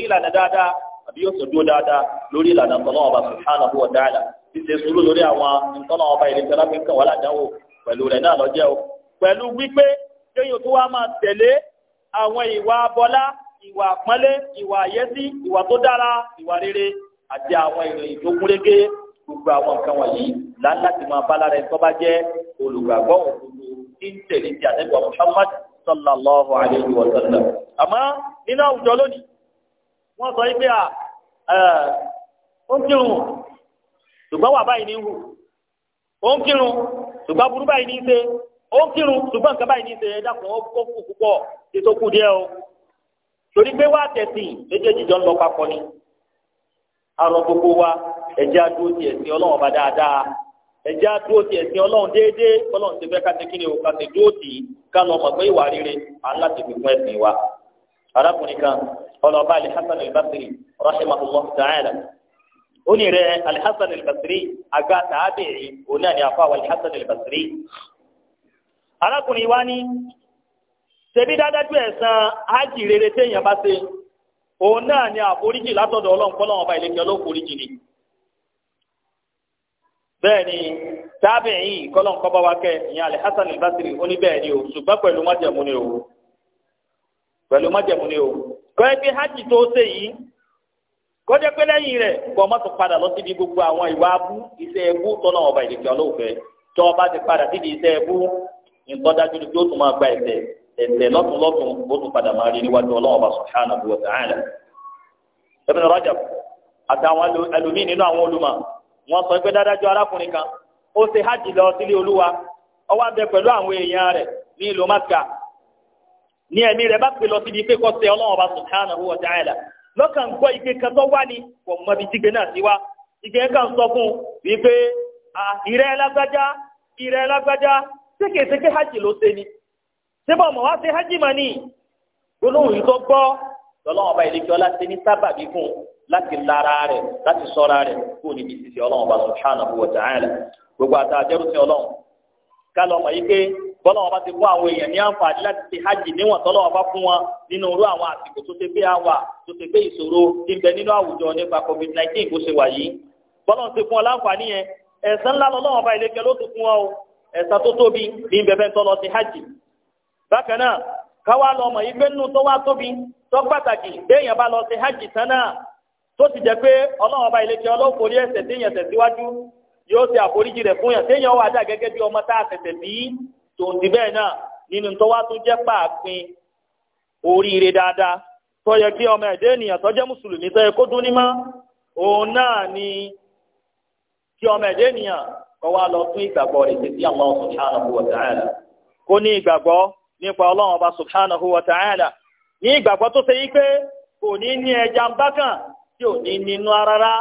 lè àbí yóò tó dúró dáadáa lórí ìlànà tọ́lọ́ ọba subhanahu wa ta'ala ṣíṣe sùúrù lórí àwọn ìtọ́nà ọba ìrètí aláfíńkàn wà ládàáwò pẹ̀lú rẹ̀ náà lọ́jẹ́ o pẹ̀lú wípé kéèyàn tó wá máa tẹ̀lé àwọn ìwà abọ́lá ìwà àpọ́nlé ìwà àyẹ́sí ìwà tó dára ìwà rere àti àwọn ìròyìn tó gúnrégé gbogbo àwọn nǹkan wọ̀nyí láti máa bá lára ẹni tó bá jẹ́ olùgbàgbọ́ òdodo tí ń tẹ̀lé ti àtẹ́gbà Muhammad sallallahu alayhi wa sallam àmọ́ nínú àwùjọ lónìí wọ́n sọ yìí pé à ó ń kírun ṣùgbọ́n wà báyìí ní hù ó ń kírun ṣùgbọ́n burú báyìí ní í ṣe ó ń kírun ṣùgbọ́n nǹkan báyìí ní ṣe ẹ dákun ó kó kù púpọ̀ tí tó kù díẹ̀ o torí pé wá tẹ̀sìn méjèèjì jọ ń lọ papọ̀ ni àrùn gbogbo wa ẹ̀jẹ̀ adúró ti ẹ̀sìn ọlọ́run ọba dáadáa ẹ̀jẹ̀ adúró ti ẹ̀sìn ọlọ́run déédéé ọlọ́run ti fẹ́ ká ti kíni o ká ti dúró tì í ká lọ mọ̀ pé ìwà rere à ń láti fi fún ẹ̀sìn wa arákùnrin kan ọlọ́ba alihasan albasiri rahimahullah ta'ala oni rẹ alihasan albasiri aga tàbíyì oní àni afa wa alihasan albasiri. arákùnrin wa ni ṣebí dájú ẹ̀san ájì rere téèyàn bá ṣe òun náà ni àforíjì látọ̀dọ̀ ọlọ́run kọ́ lọ́wọ́ ọba ìlẹ́kẹ́ ọlọ́foríjì ni. bẹ́ẹ̀ ni tábìyìn kọ́lọ́n kọ́ bá wa kẹ́ ìyẹn alihasan albasiri oní bẹ́ẹ̀ o ṣùgbọ́n pẹ̀lú májẹ̀mú ni o pẹ̀lú májẹ̀mú ni o. kọ ẹ bí hajj tó ṣe yìí kọjá pé lẹ́yìn rẹ kọ mọ́tò padà lọ síbi gbogbo àwọn ìwà abú ise ẹbú tọ́nà ọba ìdèkì ọlọ́ọ̀fẹ́ tọ́ ọba ti padà síbi iṣẹ́ ẹbú ìtọ́jájú ni yóò tún máa gba ẹ̀ṣẹ̀ ẹ̀ṣẹ̀ lọ́tún lọ́tún ó tún padà máa rí níwájú ọba àtàwọn nínú àwọn wọn sọ pé arákùnrin kan hajj lọ sílé olúwa àwọn èèyàn ní ìlú ní ẹ̀mí rẹ̀ bá pè lọ síbi pé kọ́ tẹ ọlọ́run ọba subhanahu wa ta'ala lọ́kàn gbọ́ igbe kan wá ní kò mọ ibi jígbe náà sí wa igbe kan sọ fún wípé ìrẹ́ lágbájá ìrẹ́ lágbájá sékèsékè hajj ló ṣe ni síbọ̀ mọ̀ wá hajj mà ní yìí tó gbọ́ ọba ṣe ní sábàbí fún láti lára rẹ̀ láti sọ́ra rẹ̀ kó bọ́lá wọn bá ti kó àwọn èèyàn ní àǹfààní láti ṣe hajj níwọ̀n tọ́lọ́ wọn bá fún wọn nínú irú àwọn àsìkò tó ṣe pé àwà tó ṣe pé ìṣòro ti bẹ nínú àwùjọ nípa covid nineteen bó ṣe wà yìí bọ́lá wọn ti fún wọn láǹfààní yẹn ẹ̀san ńlá lọ́lọ́wọ́n bá ilé kẹ ló ti fún wọn o ẹ̀san tó tóbi ní bẹ̀bẹ̀ tọ́lọ́ ti hajj. bákan náà káwá lọ mọ̀ yìí pé nínú tó wá tóbi tó pàtàkì béèyàn bá lọ sí hajj tán náà tó ti jẹ́ pé ọlọ́wọ́n bá ilé kẹ ọlọ́kùnrin ẹ̀ṣẹ̀ téèyàn tẹ̀síwájú yóò ṣe àforíjì rẹ̀ fún yàn téèyàn wà dà gẹ́gẹ́ bí ọmọ tá a tẹ̀tẹ̀ bíi tòǹdì bẹ́ẹ̀ náà nínú tó wá tó jẹ́ oríire dáadáa tó yẹ kí ọmọ ẹ̀dá ènìyàn tó jẹ́ mùsùlùmí tó yẹ kó dún ní mọ́ òun náà ni kí ọmọ ẹ̀dá ènìyàn kó wá lọ tún ìgbàgbọ́ rẹ̀ títí Allah subhanahu wa kó ní ìgbàgbọ́ nípa ọlọ́run ọba ní ìgbàgbọ́ tó ṣe yí pé kò ní ní ẹja tí ò ní nínú rárá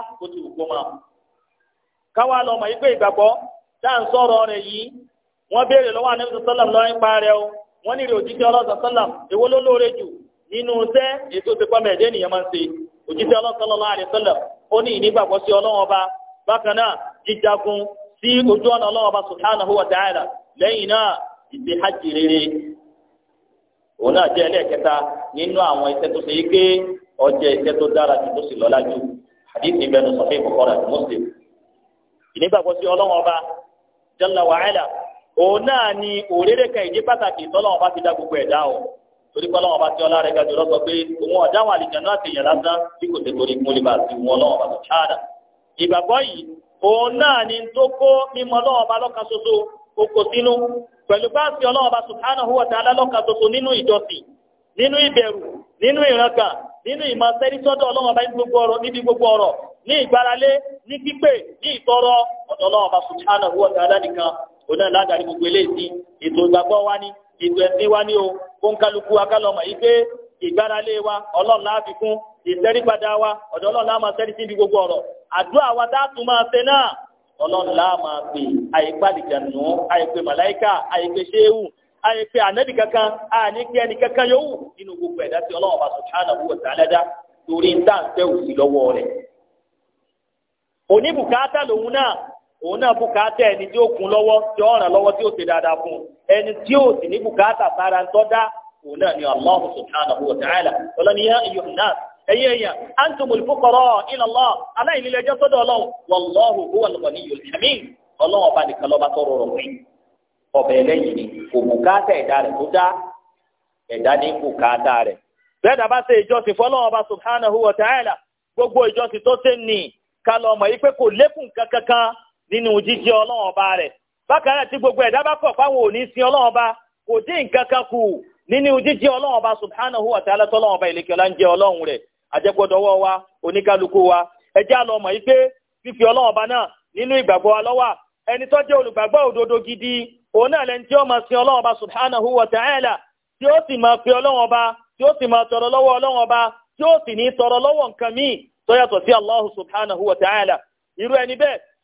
wọ́n béèrè lọ́wọ́ anabi sọlọm lọrin paarẹ o wọ́n ní ìrè òjíṣẹ́ ọlọsọ sọlọm èwo ló lóore jù nínú sẹ ètò ìsèpamọ ẹdẹ nìyẹn máa ń ṣe òjíṣẹ́ ọlọsọ lọlọ àrẹ sọlọm ó ní ìnígbàgbọ́ sí bákan náà jíjagun sí ojú ọ̀nà wa lẹ́yìn hajj rere òun náà jẹ́ ẹlẹ́ẹ̀kẹta nínú àwọn iṣẹ́ tó ṣe ọjẹ́ iṣẹ́ tó dára tó sì lọ́lá òun náà ni kan ìdí pàtàkì bá ti gbogbo ẹ̀dá o torí pé ọlọ́wọ́n bá ti ọlá rẹ̀ pé òun ọ̀dá lásán bí kò ni tó kó mímọ̀ ọlọ́wọ́n bá lọ́ka ṣoṣo oko sínú pẹ̀lú bá ti ọlọ́wọ́n bá subhanahu wa ta'ala lọ́ka ṣoṣo nínú ìjọsìn nínú ìbẹ̀rù nínú nínú ìmọ̀ ọlọ́wọ́n bá ní gbogbo ọ̀rọ̀ níbi O na gbogbo eléyìí ètò ìgbàgbọ́ wa ni ètò ẹ̀sìn wa o kó ń kálukú wa ká lọ yìí pé ìgbáralé wa ọlọ́run láàfi fún ìtẹ́rípadà wa ọ̀dọ̀ ọlọ́run láà máa síbi gbogbo ọ̀rọ̀ àdúrà wa tá máa ṣe náà ọlọ́run láà máa àyípe màláìkà àyípe ṣéwù àyípe kankan kankan nínú gbogbo ẹ̀dá tí ọlọ́run òun náà bùkátà ẹni tí ó kún lọ́wọ́ tí ó ràn lọ́wọ́ tí ó ṣe dáadáa fún un ẹni tí ó sì ní bùkátà sára ń tọ́dá náà ni Allah subhanahu wa ta'ala ọlọ́ni yá iyọ̀ náà ẹ̀yẹ ẹ̀yà Allah aláìnílẹ̀jọ́ sọ́dọ̀ ọlọ́run wallahu huwal ọba nìkan tó ni kò bùkátà tó dá ní bùkátà ìjọsìn ọba subhanahu wa nínú jíjẹ́ ọlọ́run ọba rẹ̀ bákan náà tí gbogbo ẹ̀dá bá pọ̀ fáwọn òní sin ọlọ́run ọba kò dín nǹkan kan kù nínú jíjẹ́ ọlọ́run ọba subhanahu wa ta'ala tọ́lọ́run ọba ìlẹ̀kẹ̀ ọ̀la ń jẹ́ ọlọ́run rẹ̀ àjẹgbọ́dọ̀wọ́ wa oníkálukú wa ẹjẹ́ àlọ́ mọ̀ yìí pé fífi ọlọ́run ọba náà nínú ìgbàgbọ́ wa lọ́wà ẹni tó jẹ́ olùgbàgbọ́ òdodo gidi òun náà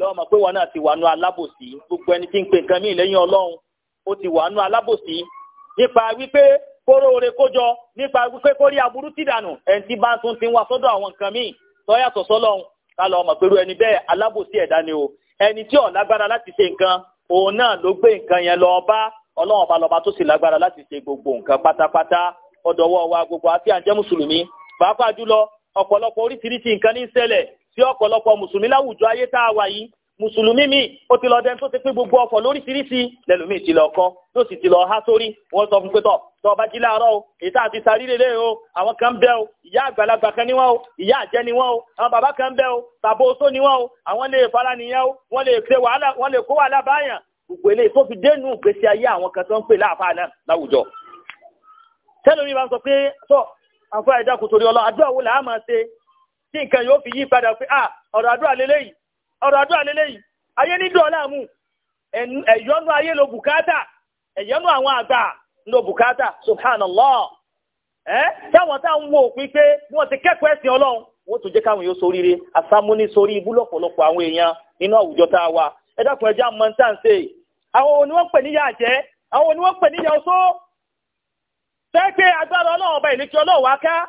lọ́wọ́ mọ̀ pé wọn náà ti wà nù alábòsí gbogbo ẹni tí ń pè nǹkan míì lẹ́yìn ọlọ́run ó ti wà nù alábòsí nípa wípé kóró ore kójọ nípa wípé kórí aburú ti dànù ẹni tí bá ń tún ti ń wá sọ́dọ̀ àwọn nǹkan míì tọ́yàtọ̀ sọ́lọ́run ká lọ́wọ́ mọ̀ pẹ̀lú ẹni bẹ́ẹ̀ alábòsí ẹ̀dá ni o ẹni tí ò lágbára láti ṣe nǹkan òun náà ló gbé nǹkan yẹn lọ bá ọlọ́run ọba lọ́ba tó sì lágbára láti ṣe gbogbo nǹkan pátápátá ọ̀dọ̀wọ́ wa gbogbo àti àjẹ́ pàápàá jùlọ ọ̀pọ̀lọpọ̀ oríṣiríṣi nǹkan ní ń ṣẹlẹ̀ sí ọ̀pọ̀lọpọ̀ mùsùlùmí láwùjọ ayé tá a wà yìí mùsùlùmí mi ó ti lọ dẹni tó ti pé gbogbo ọkọ̀ lóríṣiríṣi lẹ́lòmí ti lọ kọ́ ló sì ti lọ há sórí wọ́n sọ fún pé tọ̀ tọ́ ọba jí láàárọ̀ o èyí tá a ti sáré lélẹ̀ o àwọn kan bẹ́ o ìyá àgbàlagbà kan ni wọ́n o ìyá àjẹ́ ni wọ́n o àwọn bàbá kan bẹ́ o tàbó oṣó ni wọ́n o àwọn lè fara nìyẹn o wọ́n lè kó wàhálà báyàn gbogbo eléyìí tó fi dénú ìgbésí ayé àwọn kan tó ń pè láàfáà náà láwùjọ tẹ́lómi tí nǹkan yóò fi yí padà pé ah ọ̀rọ̀ àdúrà lélẹ́yìí ọ̀rọ̀ àdúrà lélẹ́yìí ayé ní ọ̀làmù ẹ̀yọ́nú ayé lo bùkátà ẹ̀yọ́nú àwọn àgbà bùkátà ẹ́ táwọn táwọn pé wọ́n ti yóò sórí ibú lọ̀pọ̀lọpọ̀ àwọn èèyàn nínú àwùjọ tá a wà ẹ dákun àwọn òní wọ́n pè níyà jẹ́ àwọn òní wọ́n pè níyà pé agbára ọlọ́run ọba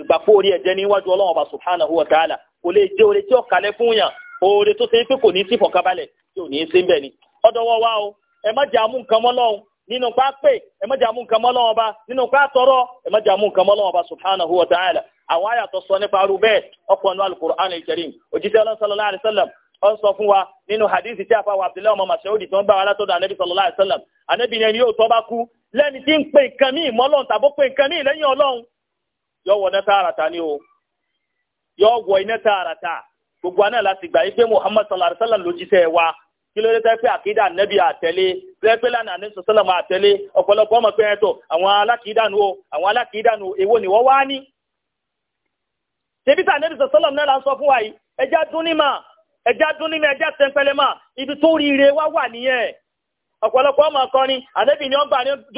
ìgbàpọ̀ orí ẹ̀jẹ̀ níwájú ọlọ́run ọba subhanahu wa ta'ala kò lè jẹ́ oore tí ó kalẹ̀ fún yàn oore tó ṣe pé kò ní sí fọ̀kàbalẹ̀ tí ò ní sí bẹ́ẹ̀ ni ọ̀dọ̀wọ́ wa o ẹ má jẹ́ amú nǹkan mọ́ lọ́hùn nínú pa pé ẹ má jẹ́ amú nǹkan mọ́ lọ́hùn ọba nínú pa tọrọ ẹ má jẹ́ amú nǹkan mọ́ lọ́hùn ọba subhanahu wa ta'ala àwọn àyàtọ̀ sọ nípa arú bẹ́ẹ̀ ọ̀pọ̀ nínú al-Qur'an al-Karim òjíṣẹ́ ọlọ́run yọ wọ iná tààràtà ni o yọ wọ iná tààràtà gbogbo aná láti gbà yí pé muhammad sallallahu alaihi wa sallam ló jíṣẹ́ wa kí ló dé tẹ́ pé àkídà nẹ́bí àtẹ̀lé tẹ́ pé lánàá ní sọ́sọ́lọ́mù àtẹ̀lé ọ̀pọ̀lọpọ̀ ọmọ pé ẹ awọn alakida alákìídànù o alakida alákìídànù ewo ni wọ́n wá ni. tẹ́bítà nẹ́bí sọ́sọ́lọ́mù náà là ń sọ fún wa yìí ẹja dún ní mà ẹja dún ní ẹja tẹ́ńpẹ́lẹ́ mà ibi tó ríire wa wa nìyẹn. ọpọlọpọ ọmọ kan ni ànẹ́bí ni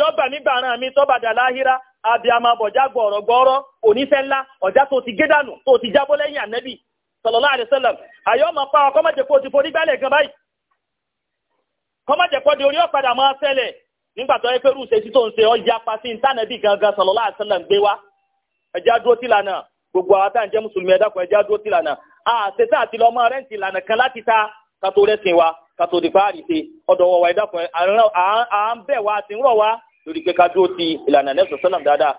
ọba mi gbàràn mi tọ́bàdà láhírá abiyama bọ̀já gbọ̀rọ̀ gbọ́rọ̀ onífẹ́ ńlá ọjá tó ti gédànù tó ti jábọ́ lẹ́yìn ànẹ́bì sallallahu alaihi wasallam àyọ́ pa ọkọ́ mọ̀jẹ̀ kó ti forí gbálẹ̀ gan báyìí kọ́mọ̀jẹ̀ pọ̀ di orí ọ̀padà máa nígbà gangan gbé gbogbo àwọn tá à ń mùsùlùmí kan lànà kan láti ta wa ọ̀dọ̀ kan à lórí pé ká dúró ti ìlànà nẹ́bí sọ́sọ́làm dáadáa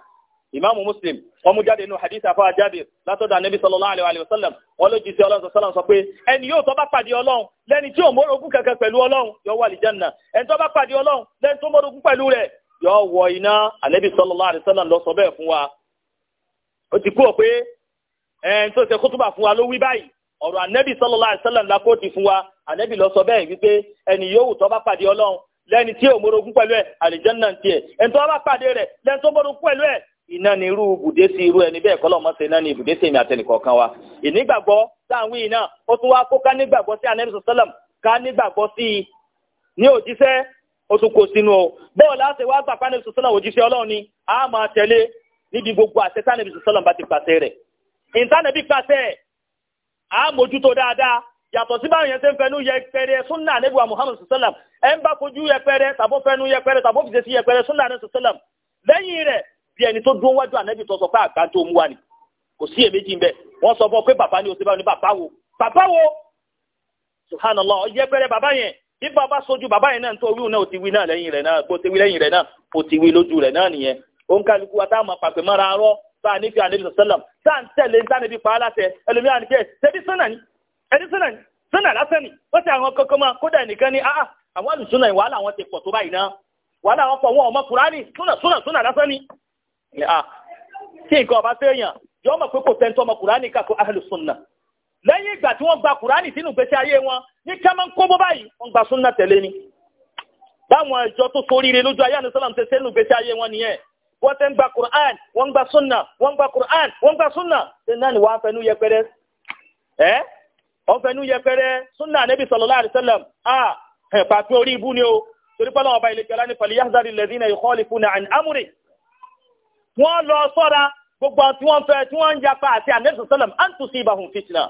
ìmáàmù muslim wọn mú jáde nínú hadith afáwà jábìr látọ̀dọ̀ ànábì sallallahu alaihi wa sallam wọn ló jí sí ọlọ́run sọ́sọ́làm sọ pé ẹni yóò tó bá pàdé ọlọ́run lẹ́ni tí ò mórogún kankan pẹ̀lú ọlọ́run yóò wà lìjánà ẹni tó bá pàdé ọlọ́run lẹ́ni tó mórogún pẹ̀lú rẹ̀ yóò wọ iná ànábì sallallahu alaihi wa sallam lọ sọ bẹ́ẹ̀ fún wa ó ti kú ọ pé ẹni tó ṣe kútùbà fún wa ló wí báyìí ọ̀rọ̀ ànábì sallallahu alaihi wa sallam la kó ti fún wa ànábì lọ sọ bẹ́ẹ̀ wípé ẹni yóò tó bá pàdé ọlọ́run lẹni tí ò mórogún ẹ ẹ̀ àlìjánná tiẹ̀ ẹni tó bá pàdé rẹ lẹ́ni tó mórogún pẹ̀lú ẹ iná ni irú sí irú ẹni iná ni sí èmi wa iná ó tún wá kó ká sí anabi ká sí i ní ó tún kó sínú o bẹ́ẹ̀ ni a máa tẹ̀lé níbi gbogbo àṣẹ tánẹ́bí sọ̀sọ́lọ̀m bá ti pàṣẹ rẹ̀ ìtánẹ́bí pàṣẹ à yàtọ̀ sí báwọn yẹn ṣe ń fẹnu yẹpẹrẹ súnà ànábìwà muhammad sallam ẹ ń bá kojú yẹpẹrẹ tàbó fẹnu yẹpẹrẹ tàbó fìṣe sí yẹpẹrẹ súnà ànábì sallam lẹ́yìn rẹ̀ bí ẹni tó dún wájú ànábì tó sọ pé àgbà tó mú wa ni kò sí èméjì ń bẹ wọ́n sọ fún ọ pé bàbá ni o ṣe báwọn ní bàbá wo bàbá wo subhanallah yẹpẹrẹ bàbá yẹn bí bàbá sojú bàbá yẹn náà tó wíwù náà ti wí náà náà ti wí náà ti wí lójú náà nìyẹn wa táwọn arọ́ a ẹni Suna lásán ni wọ́n ti àwọn kankan máa kódà nìkan ni a ah, ah, àwọn àlùsúnà wàhálà àwọn ti pọ̀ tó báyìí náà wàhálà àwọn pọ̀ wọn ọmọ kùránì súnà súnà súnà lásán ni. Ah, ọba yọ ọmọ pé kò tẹ́ntọ́ ọmọ kùránì àlùsúnà lẹ́yìn tí wọ́n gba kùránì sínú gbèsè ayé wọn ní kẹ́mọ́ ń wọ́n gba súnà tẹ̀lé ni. báwọn tó lójú ayé àná sọ́làmù tẹ̀sẹ̀ gbèsè ayé wọn wọ́n tẹ́ gba kùránì wọ́n gba súnà wọ́n ni wọ́n ọ̀fẹ́nu yẹpẹrẹ súnà nẹ́bí sallallahu alaihi wasallam à ẹ̀pà pé orí ibú ni o torí pé ọlọ́wọ́ bá ilé kẹlá ní pẹ̀lú yahzari lẹ́dínà yukhalifuna an amri wọ́n lọ sọ́ra gbogbo tí wọ́n fẹ́ tí wọ́n ń yapa àti ànẹ́bí sallam an tusibahum fitna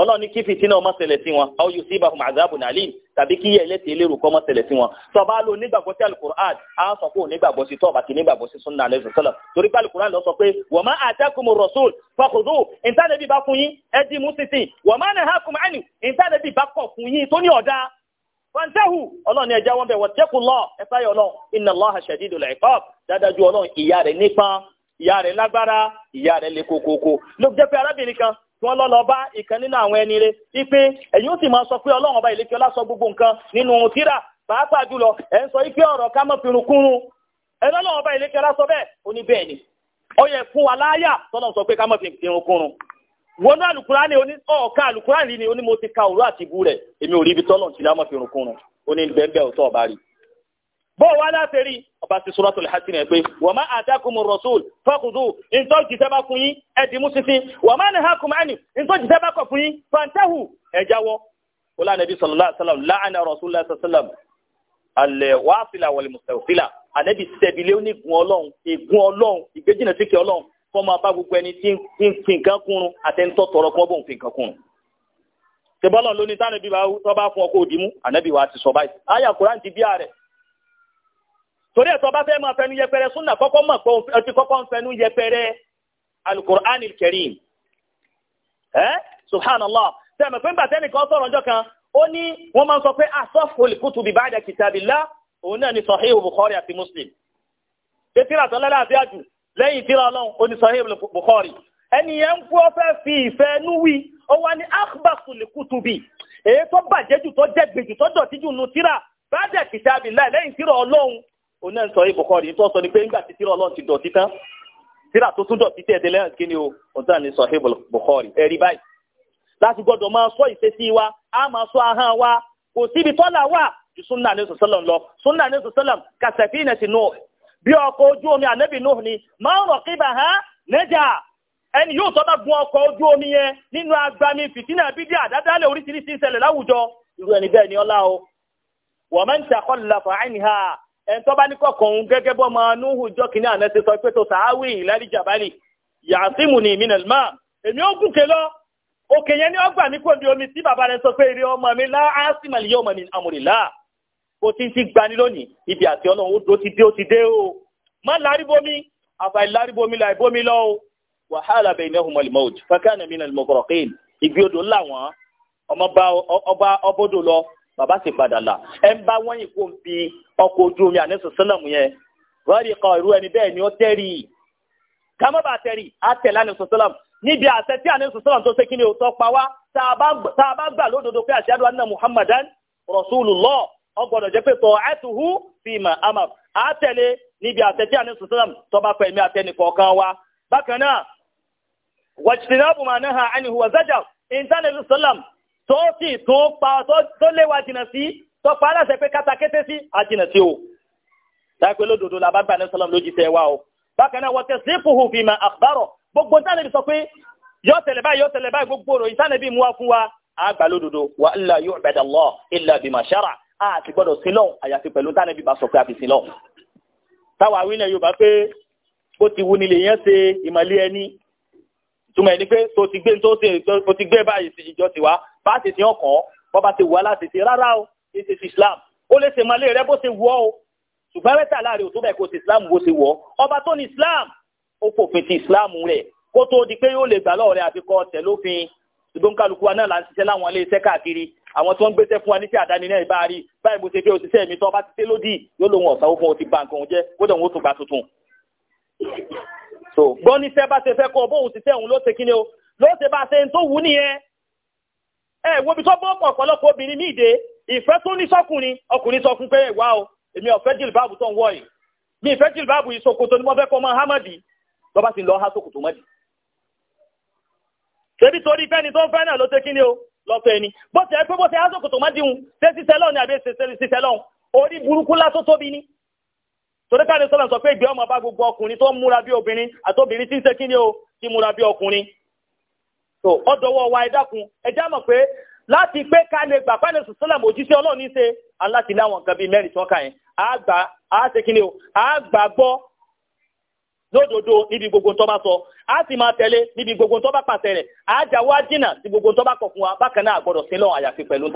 ọlọ́ọ̀ni kí fìtínà ọmọ ṣẹlẹ̀ sí wọn aw yusibahum azabun alim tàbí kí yẹ ẹlẹ́tì eléru kọ́ ọmọ ṣẹlẹ̀ sí wọn tọ́ba lo nígbàgbọ́ sí alukur'an á sọ pé onígbàgbọ́ sí tọ́ba kì nígbàgbọ́ sí sunna alẹ́ sọ́lá torí pé alukur'an lọ sọ pé wa ma atakumur rasul fakhudhu ìntànẹ́bí bá fún yín ẹ di mú títì wa ma nahakum anhu ìntànẹ́bí bá kọ̀ fún yín tó ní ọ̀dà fantahu ọlọ́run ẹja wọn bẹ̀ wattaqullah ẹ sáyẹ ọlọ́run inna Allaha shadidul iqab dáadájú ọlọ́run ìyá rẹ̀ nípa ìyá rẹ̀ lágbára ìyá rẹ̀ lé kókókó ló jẹ́ pé arábìnrin kan tí wọ́n lọ bá ìkan nínú àwọn ẹni rẹ̀ wípé ẹ̀yin ó sì máa sọ pé ọlọ́run ọba ìlékè ọlá sọ gbogbo nǹkan nínú tírà pàápàá jùlọ ẹ̀ ń sọ wípé ọ̀rọ̀ ká mọ̀ fìrùn ẹ̀rọ ọlọ́run ọba ìlékè ọlá sọ bẹ́ẹ̀ ó ní bẹ́ẹ̀ ni ó yẹ fún wa láyà tọ́lọ̀ sọ pé ká mọ̀ wọn oní ni oní mo ti ka òru ibu rẹ̀ bó wá láti rí ọba ti suratul Hasr ẹ̀ pé wa ma atakumur rasul fakhudhu ntọ́ jìṣẹ́ bá fún yín ẹ dì mú sísìn wa ma nahakum anhu ntọ́ jìṣẹ́ bá kọ̀ fún yín fantahu ẹ jáwọ́ ó lánàá bí sallallahu alaihi wasallam tánàbí bá tọ́ bá fún ọkọ̀ òdìmú ànábì ti sọ báyìí. àyà Kùránì ti bí ààrẹ torí ẹ̀tọ́ bá fẹ́ máa fẹnu yẹpẹrẹ súnà kọ́kọ́ mọ̀ pé ọtí kọ́kọ́ ń fẹnu yẹpẹrẹ alukur'an karim ẹ subhanallah sẹ́mi pé bàtẹ́ nìkan sọ̀rọ̀ ọjọ́ kan ó ní wọ́n máa ń sọ pé asọ́fòlì ah, kùtùbí ba'da kitabillah òun náà ni sahihu bukhari àti muslim pé tíra tán lẹ́la àti àjù lẹ́yìn tíra ọlọ́run ó ní sahihu bukhari ẹni yẹn ń kú ọ fẹ́ fi ìfẹ́ nú wí ó wá ní akhbasul kutubi èyí tó bàjẹ́ jù tó jẹ́ gbèjù tó dọ̀tí jù nu tíra ba'da kitabillah lẹ́yìn tíra ọlọ́run onáà sọ ibùkọ́ rí tó sọ ni pé ńgbà tí tíra ọlọ́run ti dọ̀tí tán tíra tó tún dọ̀tí tẹ̀ délẹ́ kí ni o ọ̀tá ni sọ ibùkọ́ rí ẹ̀rí báyìí láti gbọ́dọ̀ máa sọ ìṣesí wa á máa sọ ahọ́n wa kò síbi tọ́lá wà ju sunna ní sọ̀sọ́lọ̀m lọ sunna ní sọ̀sọ́lọ̀m kàṣẹ̀fì ní ti nù bí ọkọ̀ ojú omi ànábì nù ni máa ń rọ̀ kí bà hán nẹ́jà ẹni yóò tọ́ bá gun ọkọ̀ ojú omi yẹn nínú agbami fìtínà bídí àdádálẹ̀ oríṣiríṣi ìṣẹ̀lẹ̀ láwùjọ irú ẹni bẹ́ẹ̀ ni ọlá o wọ́n máa ń takọ́ lafa ẹ̀ńtọ́ bá ní kọ̀kọ̀ òun gẹ́gẹ́ bọ́ máa núhù jọ́ kínní àná ti sọ pé tó sàáwì ìlàrí jàbálì yàtìmù ní ìmínàlì máa èmi ó gùnkè lọ òkè yẹn ni ó gbà mí kò di omi tí bàbá rẹ sọ pé eré ọmọ mi lá ásìmàlì yóò mọ ní àmùrìlá ó ti ti gbani lónìí ibi àti ọ̀nà ó ti dé ó ti dé o má lárí bomi àfàì lárí bomi láì bomi lọ o wàhálà bẹ̀yìn náà humali baba sì padà là ẹ ń bá wọ́n yìí kó ń fi ọkọ̀ ojú omi àná sọ̀sọ́lọ̀mù yẹn rọ́ọ̀rì kan irú ẹni bẹ́ẹ̀ ni ó tẹ́rì kámọ́bà tẹ́rì á tẹ̀lé àná sọ̀sọ́lọ̀mù níbi àṣẹ tí àná sọ̀sọ́lọ̀mù tó ṣe ni tọ́ pa wá tá a bá gbà lódodo pé àṣẹ àdúrà Muhammadan Rasulullah ọgbọdọ jẹ́ pé tọ́ àtúhù fìmà níbi àṣẹ tí bá tó sì tó pa tó léwa jìnà sí tó pa aláṣẹ pé kátàkété sí àjìnà sí o dápẹ́ lódodo la bá gbà ní sọlọ́m lójú tẹ wa o bákan náà wọ́n tẹ sí fùhù fi mà àkùbárọ̀ gbogbo ntánẹ̀bí sọ pé yọ tẹ̀lé báyìí yọ tẹ̀lé báyìí gbogbo ròyìn tánẹ̀bí mú wa fún wa àgbà lódodo wa ilà yóò bẹ̀dẹ̀ lọ ilà bímọ ṣára a ti gbọ́dọ̀ sílọ̀ àyàfi pẹ̀lú tánẹ̀bí bá sọ pé a fi sílọ̀ táwa àwìn náà yóò bá pé ó ti wu nílé yẹn ṣe ìmọ̀lẹ́ ẹni túmọ̀ ẹni pé tó ti gbé báyìí ìjọ tiwa bá ti ti ọkọ̀ bọ́ba ti wù á láti ti rárá o ti ti islam ó lè ṣe malé rẹ bó ṣe wù ọ́ o ṣùgbọ́n rẹ́tà láàrin òtún bẹ́ẹ̀ kó ti islam bó ṣe wù ọ́ ọba tó ní islam ó fòfin ti islam rẹ̀ kó tó di pé yóò lè gbà lọ́ọ̀rẹ́ àfikọ́ tẹ̀ lófin ṣùgbọ́n kálukú wa náà là ń ṣiṣẹ́ láwọn ilé iṣẹ́ káàkiri àwọn tó ń gbéṣẹ́ fún wa ní sí àdáni náà ìbá rí báyìí mo ṣe fẹ́ òṣìṣẹ́ mi tó bá ti ṣe lódì yóò lòun ọ̀sánwó fún òtí báńkì òun jẹ́ kó dẹ̀ òun tó gba tuntun. so gbọ́ ní sẹ́ bá ṣe fẹ́ kọ́ bóun ṣiṣẹ́ òun ló ṣe kí ni o ló ṣe bá ṣe ń tó wù nìyẹn ẹ wo bí tó bọ́ ọ̀pọ̀lọpọ̀ obìnrin ní ìdè ìfẹ́ tó ní sọ́kùnrin ọkùnrin sọ fún pé wá o èmi ọ̀fẹ́ jìlbáàbù tó ń wọ̀ yìí mi ìfẹ́ jìlbáàbù yìí ṣòkòtò ni mo fẹ́ kọ́ hamadi lọ́ba sì lọ ha ṣòkòtò mọ́dì. ṣebí torí fẹ́ni tó ń fẹ́ náà ló ṣe kíni o lọ́fẹ́ ni bó ṣe pé bó ṣe ha ṣòkòtò mọ́dì hun ṣé ṣiṣẹ́ lọ́ọ̀ ni àbí ṣiṣẹ́ lọ́ọ̀ orí burúkú lásán tóbi ni torí káàdé sọ́lá sọ pé ìgbé ọmọ bá gbogbo ọkùnrin tó ń múra bí obìnrin àtobìnrin tí ń ṣe kíni o ti múra bí ọkùnrin tó ọwọ wa ẹ pé láti pé ká lè gbà pé àlejò sọlọmù òjíṣẹ́ Ọlọ́run ní ṣe aláti láwọn nǹkan bíi mẹ́rin wọn o àgbà gbọ́ lódodo níbi gbogbo tó bá sọ a sì máa tẹ̀lé níbi gbogbo tó bá pàṣẹ rẹ̀ a gbogbo tó bá kọ̀ fún wa bákan náà sí lọ́wọ́ àyàfi pẹ̀lú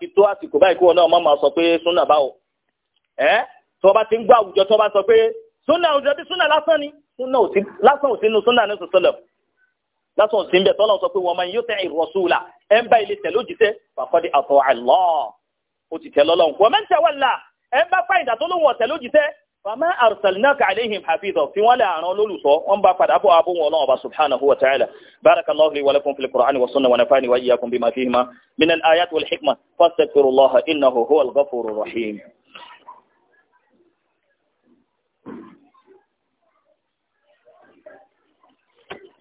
ti tó àsìkò báyìí wọn náà máa sọ pé súnà báwo ẹ tó bá ti gbọ́ àwùjọ tó bá súnà òsì lásán òsì nínú súnà náà sọ̀sọ̀lọ̀ lásán òsì ń bẹ̀ tọ́lọ̀ sọ pé wa man yuti'i rasula ẹ̀ ń bá ilé tẹ̀ lójíṣẹ́ faqad ata'a Allah ó ti tẹ̀ lọ́lọ́run wa man tawalla ẹ̀ ń bá fáyìndà tó lóhùn ọ̀tẹ̀ lójíṣẹ́ fama arsalnaka alaihim hafiza fi wọn lè àrùn olólùsọ wọn bá padà bọ abọ wọn lọ́wọ́ bá subhanahu wa ta'ala barakallahu li wa lakum fil wa sunna wa nafani wa iyyakum bima fihima min al ayat wal hikma fastaghfirullaha innahu huwal ghafurur rahim.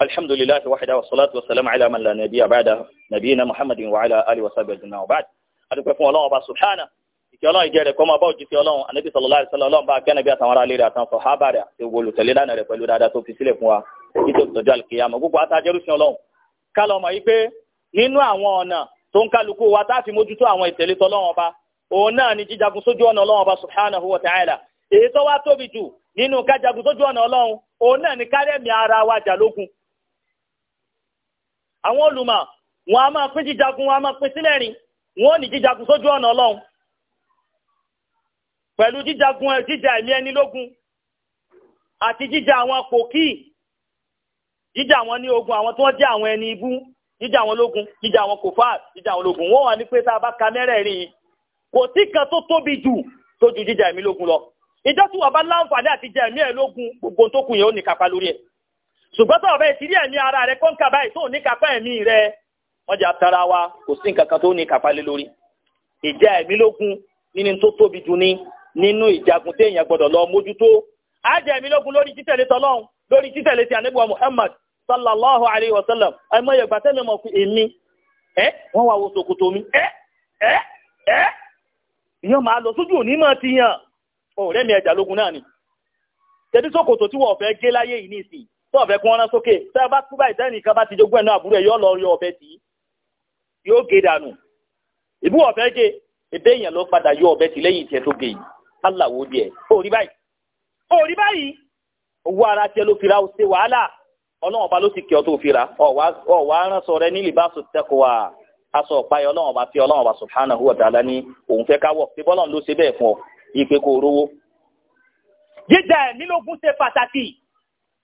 الحمد لله وحده والصلاة والسلام على من لا نبي بعده نبينا محمد وعلى آله وصحبه أجمعين وبعد adúpẹ́ fún الله ọba subhana ìkẹ́ ọlọ́run ìjẹ́ rẹ̀ kọ́ máa bá òjìṣẹ́ ọlọ́run anabi sallallahu alaihi wasallam ọlọ́run bá gẹ́nàbí àtàwọn ará ilé rẹ̀ àtàwọn sọ̀hábà rẹ̀ àti gbogbo olùtẹ̀lé lánà rẹ̀ pẹ̀lú dáadáa tó fi sílẹ̀ fún wa èyí tó tọ́jú àlùkìyàmọ̀ gbogbo atajẹ́rùsìn ọlọ́run kálọ̀ mọ̀ wípé nínú àwọn ọ̀nà tó ń kálukú wa tá a fi mójútó àwọn ìtẹ̀lé tọ́lọ́run ọba òun náà ni jíjagun sójú ọ̀nà ọlọ́run ọba subhanahu wa ta'ala èyí tó wá tóbi jù nínú kájagun sójú ọ̀nà ọlọ́run òun náà ni kárẹ́mì ara wa jà lógun àwọn olùmọ̀ wọn a máa pín jíjagun wọn a máa pín sílẹ̀ rìn wọn ò ní jíjagun sójú ọ̀nà ọlọ́run pẹ̀lú jíjagun ẹ̀ jíjà ẹ̀mí ẹni lógun àti jíjà àwọn pòkì jíjà àwọn ní ogun àwọn tí wọ́n jẹ́ àwọn ẹni ibú jíjà àwọn lógun jíjà àwọn kòfà jíjà àwọn lógun wọ́n wà ní pé tá a bá ka mẹ́rẹ̀ẹ̀rin yìí kò sí kan tó tóbi jù tó ju jíjà ẹ̀mí lógun lọ ìjọ́sìn wà bá láǹfààní àti jíjà ẹ̀mí ẹ̀ lógun gbogbo tó kù yẹn ó ní kápá lórí ẹ̀ ṣùgbọ́n tó ọ̀bẹ emi ẹ̀mí ara rẹ kó ń kà báyìí tó ẹ̀mí rẹ tara wa kò sí nǹkan kan tó ní kápá lé lórí ìjà ẹ̀mí lógun nínú tó tóbi nínú ìjagun téèyàn gbọ́dọ̀ lọ mójútó á ẹ̀mí lórí títẹ̀lé tọlọ́run lórí títẹ̀lé ti ànábì Muhammad sallallahu alayhi wa sallam sẹ́mi mọ̀ fún èmi ẹ́ wo ẹ́ ẹ́ máa lọ sójú òní máa ti yàn ọ̀rẹ́ tó ọ̀fẹ́ kún ọ́nà sókè tá a bá kú báyìí tẹ́nì kan bá ti jogún ẹ̀nà àbúrò ẹ̀ yóò lọ rí ọ̀bẹ yóò gé dànù ìbú ọ̀fẹ́ gé ebe èèyàn ló padà yọ ọ̀bẹ tì lẹ́yìn tiẹ̀ tó gé yìí aláwo òrí báyìí òrí báyìí owó ara ló fira ó ṣe wàhálà ọlọ́wọ́n ba ló ti ọ tó fira rẹ aṣọ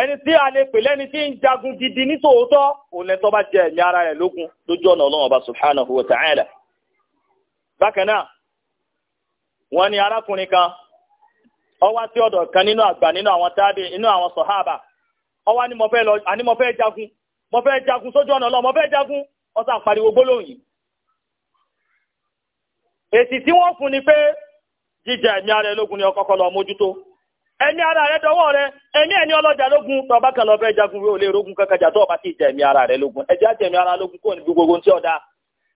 ẹni tí a lè pè lẹ́ni tí ń jagun gidi ní tòótọ́ òun lẹ́tọ́ bá jẹ ẹ̀mí ara rẹ̀ lógun lójú ọ̀nà ọlọ́run ọba subhanahu wa ta'ala bákan náà wọn ni arákùnrin kan ó wá sí ọ̀dọ̀ kan nínú àgbà nínú àwọn tábì nínú àwọn sọ̀háàbà ó wá ní mo fẹ́ lọ àní mo fẹ́ jagun mo fẹ́ jagun sójú ọ̀nà ọlọ́run mo fẹ́ jagun ó sá pariwo gbólóhùn yìí èsì tí wọ́n fún ni pé jíjẹ ẹ̀mí ara rẹ̀ lógun ni ó lọ mójútó ẹ̀mí ara rẹ dọwọ rẹ ẹni ẹni ọlọ́jà lógun tọba kan lọ fẹ́ jagun yóò lé rogun kankajà tó ọba ti jẹ ẹ̀mí ara rẹ lógun ẹ̀jẹ̀ àjẹ ẹ̀mí ara lógun kò ní gbogbo tí ọdá.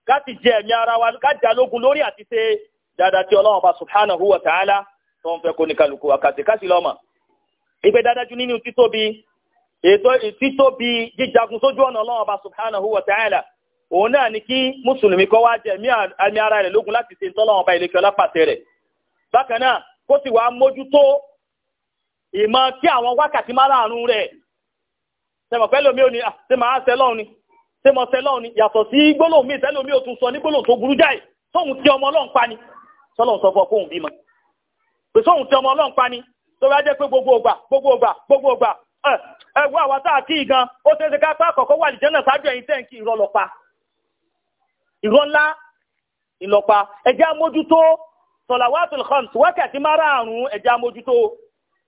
ká ti jẹ ẹ̀mí ara wa ká lógun lórí àti ṣe subhanahu wa ta'ala tó ń kó ní nínú títóbi ètò wa ta'ala òun ara rẹ lógun láti ṣe ọba ìmọ̀ kí àwọn wákàtí márààrún rẹ̀ sẹ́mọ̀ pẹ́lú mi ò ní ah, ṣe máa ṣe lọ́run ni ṣe mọ̀ ṣe lọ́run ni yàtọ̀ sí gbólóhùn mi ìtẹ́lẹ̀ mi ò tún sọ ní gbólóhùn tó burú jáì sóhun tí ọmọ ọlọ́run pa ni sọlọ́run sọ fún ọkùnrin bímọ pé sóhun tí ọmọ ọlọ́run pa ni tó bá jẹ́ pé gbogbo ògbà gbogbo ògbà gbogbo ògbà ẹ wo àwa tá a kí gan ó ṣeé ṣe ká pá àkọ́kọ́ wà lìjẹ́ náà ṣáájú ẹ̀yìn tẹ́ǹkì ìrọlọ́pa ìrọ́ ńlá ìlọ́pa ẹ̀jẹ̀ amójútó sọ̀làwátìl khams wákàtí márààrún ẹ̀jẹ̀ amójútó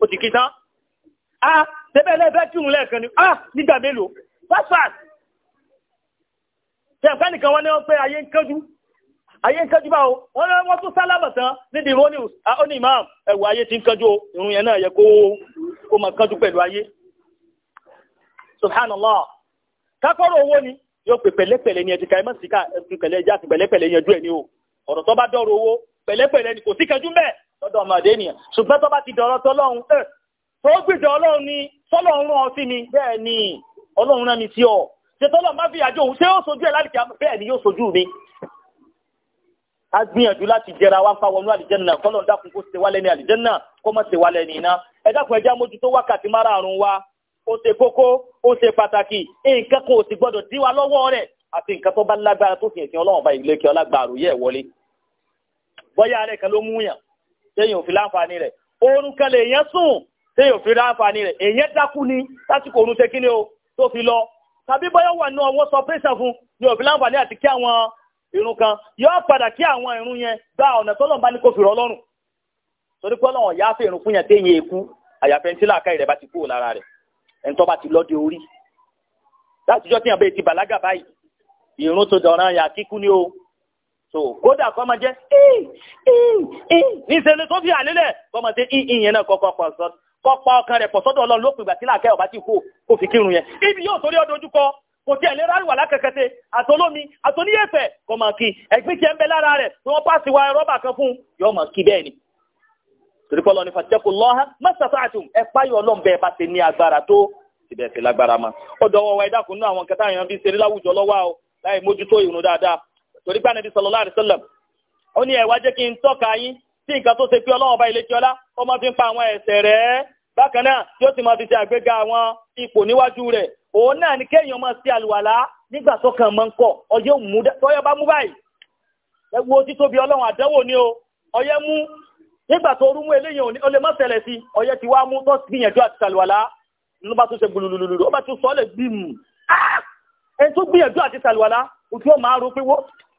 ó ti kí tán a tẹ́bẹ̀lẹ́ fẹ́ kírun lẹ́ẹ̀kan ni a nígbà mélòó fásfàs tẹ̀fẹ́ nìkan wọ́n ní wọ́n pé ayé ń kánjú ayé ń kánjú báwo wọ́n ní tún sálámà tán níbi ìrọ́nì òní imam ẹ̀wù ayé ti ń kánjú ìrun yẹn náà yẹ kó o máa kánjú pẹ̀lú ayé subhanallah kákọ́rọ̀ owó ni yóò pè pẹ̀lẹ́pẹ̀lẹ́ ni ẹ̀dìkà ẹ̀mọ́síkà ẹ̀dùn pẹ̀lẹ́ ẹ̀já àti pẹ̀lẹ́pẹ̀lẹ́ yẹn jú ẹ̀ ní o ọ̀rọ̀ tó bá dọ̀rọ̀ owó pẹ̀lẹ́pẹ̀lẹ́ ni kò sí kánjú bẹ́ẹ̀ lọ́dọ̀ ọmọdé nìyẹn ṣùgbọ́n tó bá ti dọ̀rọ̀ tọ́lọ́run ẹ̀ tó gbìjọ ọlọ́run ni tọ́lọ́run rán ọ sí mi bẹ́ẹ̀ ni ọlọ́run rán mi sí ọ ṣe tọ́lọ́run bá fi àjọ òun ṣé yóò sojú ẹ̀ láti kí bẹ́ẹ̀ ni yóò sojú mi. a gbìyànjú láti jẹra wa ń pa wọnú àlìjẹ́nà kọ́lọ́n dákun kó ṣe wálẹ̀ ní àlìjẹ́nà kó má ṣe wálẹ̀ ní iná ẹ dákun ẹ jẹ́ amójútó wákàtí márààrún wa ó ṣe kókó ó ṣe pàtàkì nǹkan kan ò sì gbọdọ̀ dí wa lọ́wọ́ rẹ̀ àti nǹkan tó bá lágbára tó fi ẹ̀sìn ọlọ́run bá ìlékè ọlágbàrú yẹ̀ wọlé bọ́yá rẹ̀ kan ló mú yàn téèyàn ò fi láǹfààní rẹ̀ oorun kan lè yẹn sùn téèyàn ò fi láǹfààní rẹ̀ èyàn dákú ni lásìkò oorun ṣe kíni o tó fi lọ tàbí bóyá wà nínú ọwọ́ sọ pẹ́sẹ̀ fún ni ò fi láǹfààní àti kí àwọn irun kan yóò padà kí àwọn irun yẹn gba ọ̀nà tọ́lọ̀ bá ní kó fi rọ́ lọ́rùn torí pé ọlọ́run yáá fèrún fún yẹn téèyàn èkú àyàfẹ́ ní tílàkà rẹ̀ bá ti kúrò lára rẹ̀ ẹ̀ńtọ́ bá ti lọ́dẹ orí látijọ́ tíyàn bẹ́ẹ̀ ti bàlágà báyìí ìrún tó dọ̀ràn yà kíkú ni o so kódà kọ́ máa jẹ́ níṣẹ́ ni tó fi àlélẹ̀ kọ́ máa ṣe ìyẹn náà kọ́kọ́ pọ̀ ọkọ kọ́pa ọkàn rẹ̀ pọ̀ sọ́dọ̀ ọlọ́run lópin ìgbà tí làákẹ́ ọ̀bá ti kú kó fi kírun yẹn ibi yóò torí ọdún ojú kò tí ẹ̀ lè wà kọ́ máa kí kan fún máa kí bẹ́ẹ̀ ni ní fàtẹ́kù ẹ páyọ̀ ọlọ́run bẹ́ẹ̀ bá ti ní agbára tó ma àwọn kẹta serila lọ́wọ́ láì mójútó dáadáa torí pé anabi sallallahu alaihi wasallam ó ní ẹ wá jẹ́ kí n tọ́ka yín sí nǹkan tó ṣe pé ọlọ́run ọba ìlẹ́kí ọlá ó máa fi ń pa àwọn ẹ̀ṣẹ̀ rẹ̀ bákan náà yóò ti máa fi ṣe àgbéga àwọn ipò níwájú rẹ̀ òun náà ni kéèyàn máa ṣe àlùwàlá nígbà tó kàn máa ń kọ ọyẹ mú tọyọ bá mú báyìí ẹ wo títóbi ọlọ́run àdánwò ni o ọyẹ mú nígbà tó rú mú eléyìí ó lè má ṣẹlẹ̀ sí ọyẹ ti wá mú tó gbìyànjú àti ṣàlùwàlá ló bá tún ṣe gbùlùlùlù ó bá tún sọ ọ lè gbìm ah! ẹni tó gbìyànjú àti ṣàlùwàlá òtún ó máa ro pé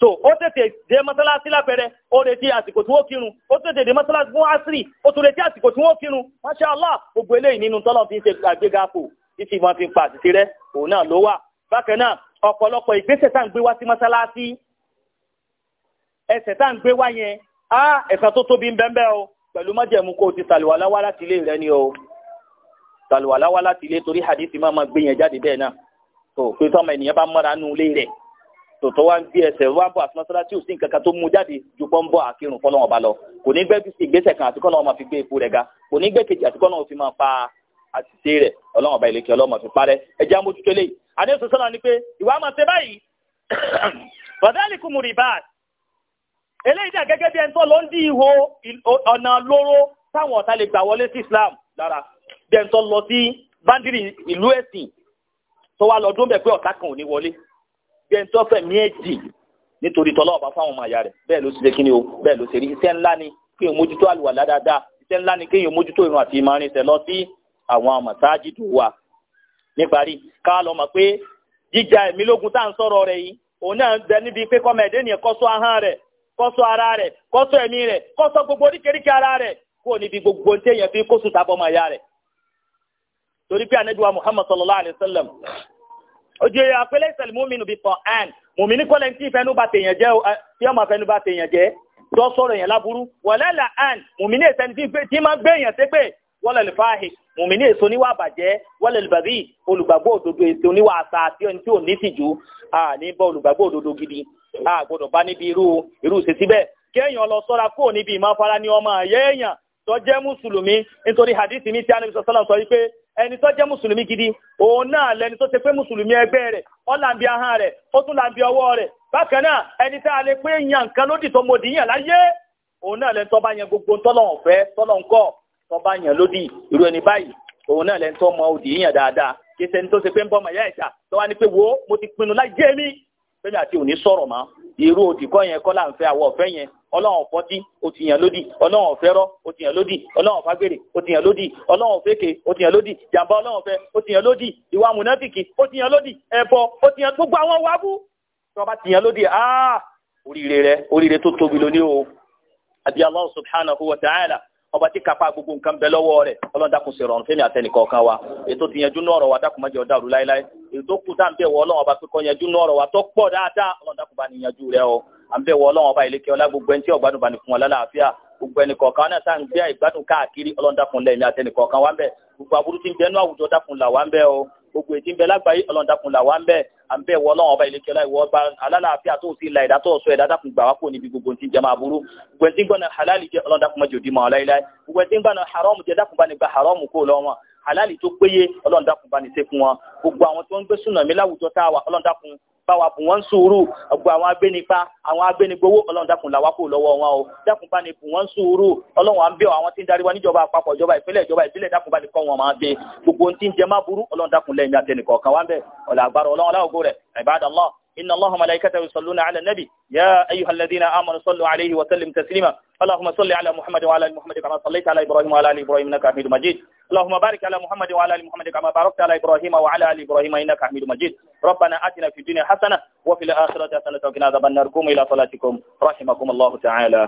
so ó tètè dé mọ́sálásí lápẹẹrẹ ó retí àsìkò tí wọ́n kírun ó tètè dé mọ́sálásí fún àṣírí ó tún retí àsìkò tí wọ́n kírun masha Allah gbogbo eléyìí nínú tọ́lọ̀ fi ń ṣe àgbéga fò títí wọn fi ń pa àṣìṣe rẹ òun náà ló wà bákan náà ọ̀pọ̀lọpọ̀ ìgbésẹ̀ tá à ń gbé wá sí mọ́sálásí ẹsẹ̀ tá à ń gbé wá yẹn á ẹ̀sán tó tóbi ń bẹ́ńbẹ́ o pẹ̀lú májẹ̀mú kó o ti sàlùwàlá wá láti ilé rẹ ni o sàlùwàlá wá láti ilé torí hadisi máa ma gbé yẹn jáde bẹ́ẹ̀ náà tó pé tọ́mọ tòótọ́ wá ń gbé ẹsẹ̀ wá bọ̀ àti mọ́sálásí ò sí nǹkan kan tó mú jáde ju pọ́ ń bọ̀ àkírun fọlọ́wọ́n ba lọ kò ní gbé ìgbésẹ̀ kan àti kọ́nà ọmọ fi gbé epo rẹ̀ ga kò ní gbé kejì àti kọ́nà òfin máa pa àṣìṣe rẹ̀ ọlọ́wọ́n ba ìlẹ̀kẹ́ ọlọ́wọ́n fi parẹ́ ẹjẹ́ amójútó lé àdéhùn sọ́nà ni pé ìwà máa ṣe báyìí bàdáàlì kùmù rìbáàt eléyìí gbẹ̀ntọ́ fẹ̀mí ẹ̀ dì nítorí tọ́lọ́ ọ̀bá fáwọn ọmọ àyà ló o bẹ́ẹ̀ ló ṣe rí iṣẹ́ ńlá ni kéèyàn mójútó àlùwàlá dáadáa iṣẹ́ ńlá ni kéèyàn mójútó ìrun àti ìmọ̀rin lọ sí àwọn àmọ̀sáájì tó wà níparí ká lọ mọ̀ pé jíjà lógun tá à ń yìí òun náà ara rẹ̀ kó ṣọ́ ẹ̀mí rẹ̀ gbogbo oríkèéríkèé ara níbi gbogbo fi ojú ẹ̀yà pẹ́lẹ́ ìsẹ̀lẹ̀ múmínú bí pọ̀ àn mùmíní kọ́lẹ̀ tí ìfẹ́nu bá tèèyàn jẹ́ tí ọmọ afẹ́nu bá tèèyàn jẹ́ tó sọ̀rọ̀ yẹn láburú wọ̀lẹ́là àn mùmíní ìsẹ̀ni tí máa gbé èèyàn ṣépè wọ́lẹ̀ lùfáàhì mùmíní èso oníwà bàjẹ́ wọ́lẹ̀ lùbàbí olùgbàgbọ́ òdodo èso oníwà àṣà àti ẹni tí ò ní tìjú ní bọ́ olùgbàgbọ́ òdodo gidi àgbọ̀dọ̀ bá níbi irú irú ṣe síbẹ̀ kéèyàn lọ sọ́ra kúrò níbi ìmáfara ní ọmọ àyẹ́yàn tó jẹ́ mùsùlùmí nítorí hadith mi tí a níbi sọ́sọ́lá sọ wípé ẹni tó jẹ́ mùsùlùmí gidi òun náà lẹni tó ṣe pé mùsùlùmí ẹgbẹ́ rẹ̀ ó làǹbi ahọ́n rẹ̀ ó tún làǹbi ọwọ́ rẹ̀ bákan náà ẹni tá a lè pé yan nǹkan lódì tó mòdì yàn láyé òun náà lẹni tó bá gbogbo tọ́lọ́hún fẹ́ tọ́lọ́hún kọ́ tó bá yan lódì irú ẹni báyìí òun náà lẹni tó mọ òdì yàn dáadáa kí mo ti pinnu láyé mi pé mi àti òní sọ̀rọ̀ irú òdìkọ́ yẹn kọ́ là ń fẹ́ àwọ̀ ọ̀fẹ́ yẹn ọlọ́run ọ̀fọ́ dín ó ti yàn lódì ọlọ́run ọ̀fẹ́ rọ́ ó ti yàn lódì ọlọ́run ọ̀fágbèrè ó ti yàn lódì ọlọ́run ọ̀fẹ́kẹ̀ ó ti yàn lódì jàǹbá ọlọ́run ọ̀fẹ́ ó ti yàn lódì ìwà mùnátìkì ó ti yàn lódì ẹ̀bọ ó ti yàn gbogbo àwọn wábú tí wọ́n bá ti yàn lódì áà oríire rẹ oríire tó tóbi lóní o àbí Allah subhanahu wa ta'ala ọba tí kápá gbogbo nǹkan bẹ lọ́wọ́ rẹ̀ ọlọ́run dákun ṣe rọrùn fẹ́mi àtẹnìkọ̀ọ̀kan wa ètò ti yanjú náà ọ̀rọ̀ wa dákun má jẹ́ ó dàrú láéláé ètò kù tá à ń bẹ̀ wọ ọlọ́run ọba pé kó yanjú náà ọ̀rọ̀ wa tó pọ̀ dáadáa ọlọ́run dákun bá ní yanjú rẹ̀ o à ń bẹ̀ wọ ọlọ́run ọba ìlékè ọlá gbogbo ẹni tí ọ̀gbádùn bá ní fún wọn lálàáfíà gbogbo gbogbo èdè ń bẹ lágbàáyé ọlọ́ndàkùn làwa ń bẹ à ń bẹ wọ ọlọ́run ọba ìlẹ́kẹ́ láì wọ ọba alálàáfíà tó ti la ẹ̀dá sọ ẹ̀dá gbà wá kó níbi gbogbo ti jẹ́ máa burú gbogbo ẹ̀sìn gbọ́nà halali jẹ́ ọlọ́ndàkùn mọ́jọ́ di máa láíláí gbogbo ẹ̀sìn gbọ́nà haram jẹ́ dákun bá ní gba haram kó lọ wọn halali tó péye ọlọ́ndàkùn bá ní ṣe fún wọn gbogbo àwọn tó ń gbé súnà mi láwùjọ tá ọlọ́ndàkùn bá wa bù wọ́n sùúrù gbogbo àwọn agbénipa àwọn agbénigbowó ọlọ́run dákun làwa kò lọ́wọ́ wọn o dákun bá ní bù wọ́n sùúrù ọlọ́run à ń bẹ̀ àwọn tí ń darí wa níjọba àpapọ̀ ìjọba ìpínlẹ̀ ìjọba ìpínlẹ̀ dákun bá ní kọ́ wọn máa gbé gbogbo ohun tí ń jẹ má burú ọlọ́run dákun lẹ́yìn àtẹnìkọ̀ọ̀kan wá ń bẹ̀ ọ̀là àgbàrọ̀ ọlọ́run aláwògbó rẹ̀ ibadallah إن الله ملائكته يصلون على النبي يا أيها الذين آمنوا صلوا عليه وسلم تسليما اللهم صل على محمد وعلى ال محمد كما صليت على ابراهيم وعلى ال ابراهيم انك حميد مجيد اللهم بارك على محمد وعلى ال محمد كما باركت على ابراهيم وعلى ال ابراهيم انك حميد مجيد ربنا اتنا في الدنيا حسنه وفي الاخره حسنه وقنا عذاب النار قوموا الى صلاتكم رحمكم الله تعالى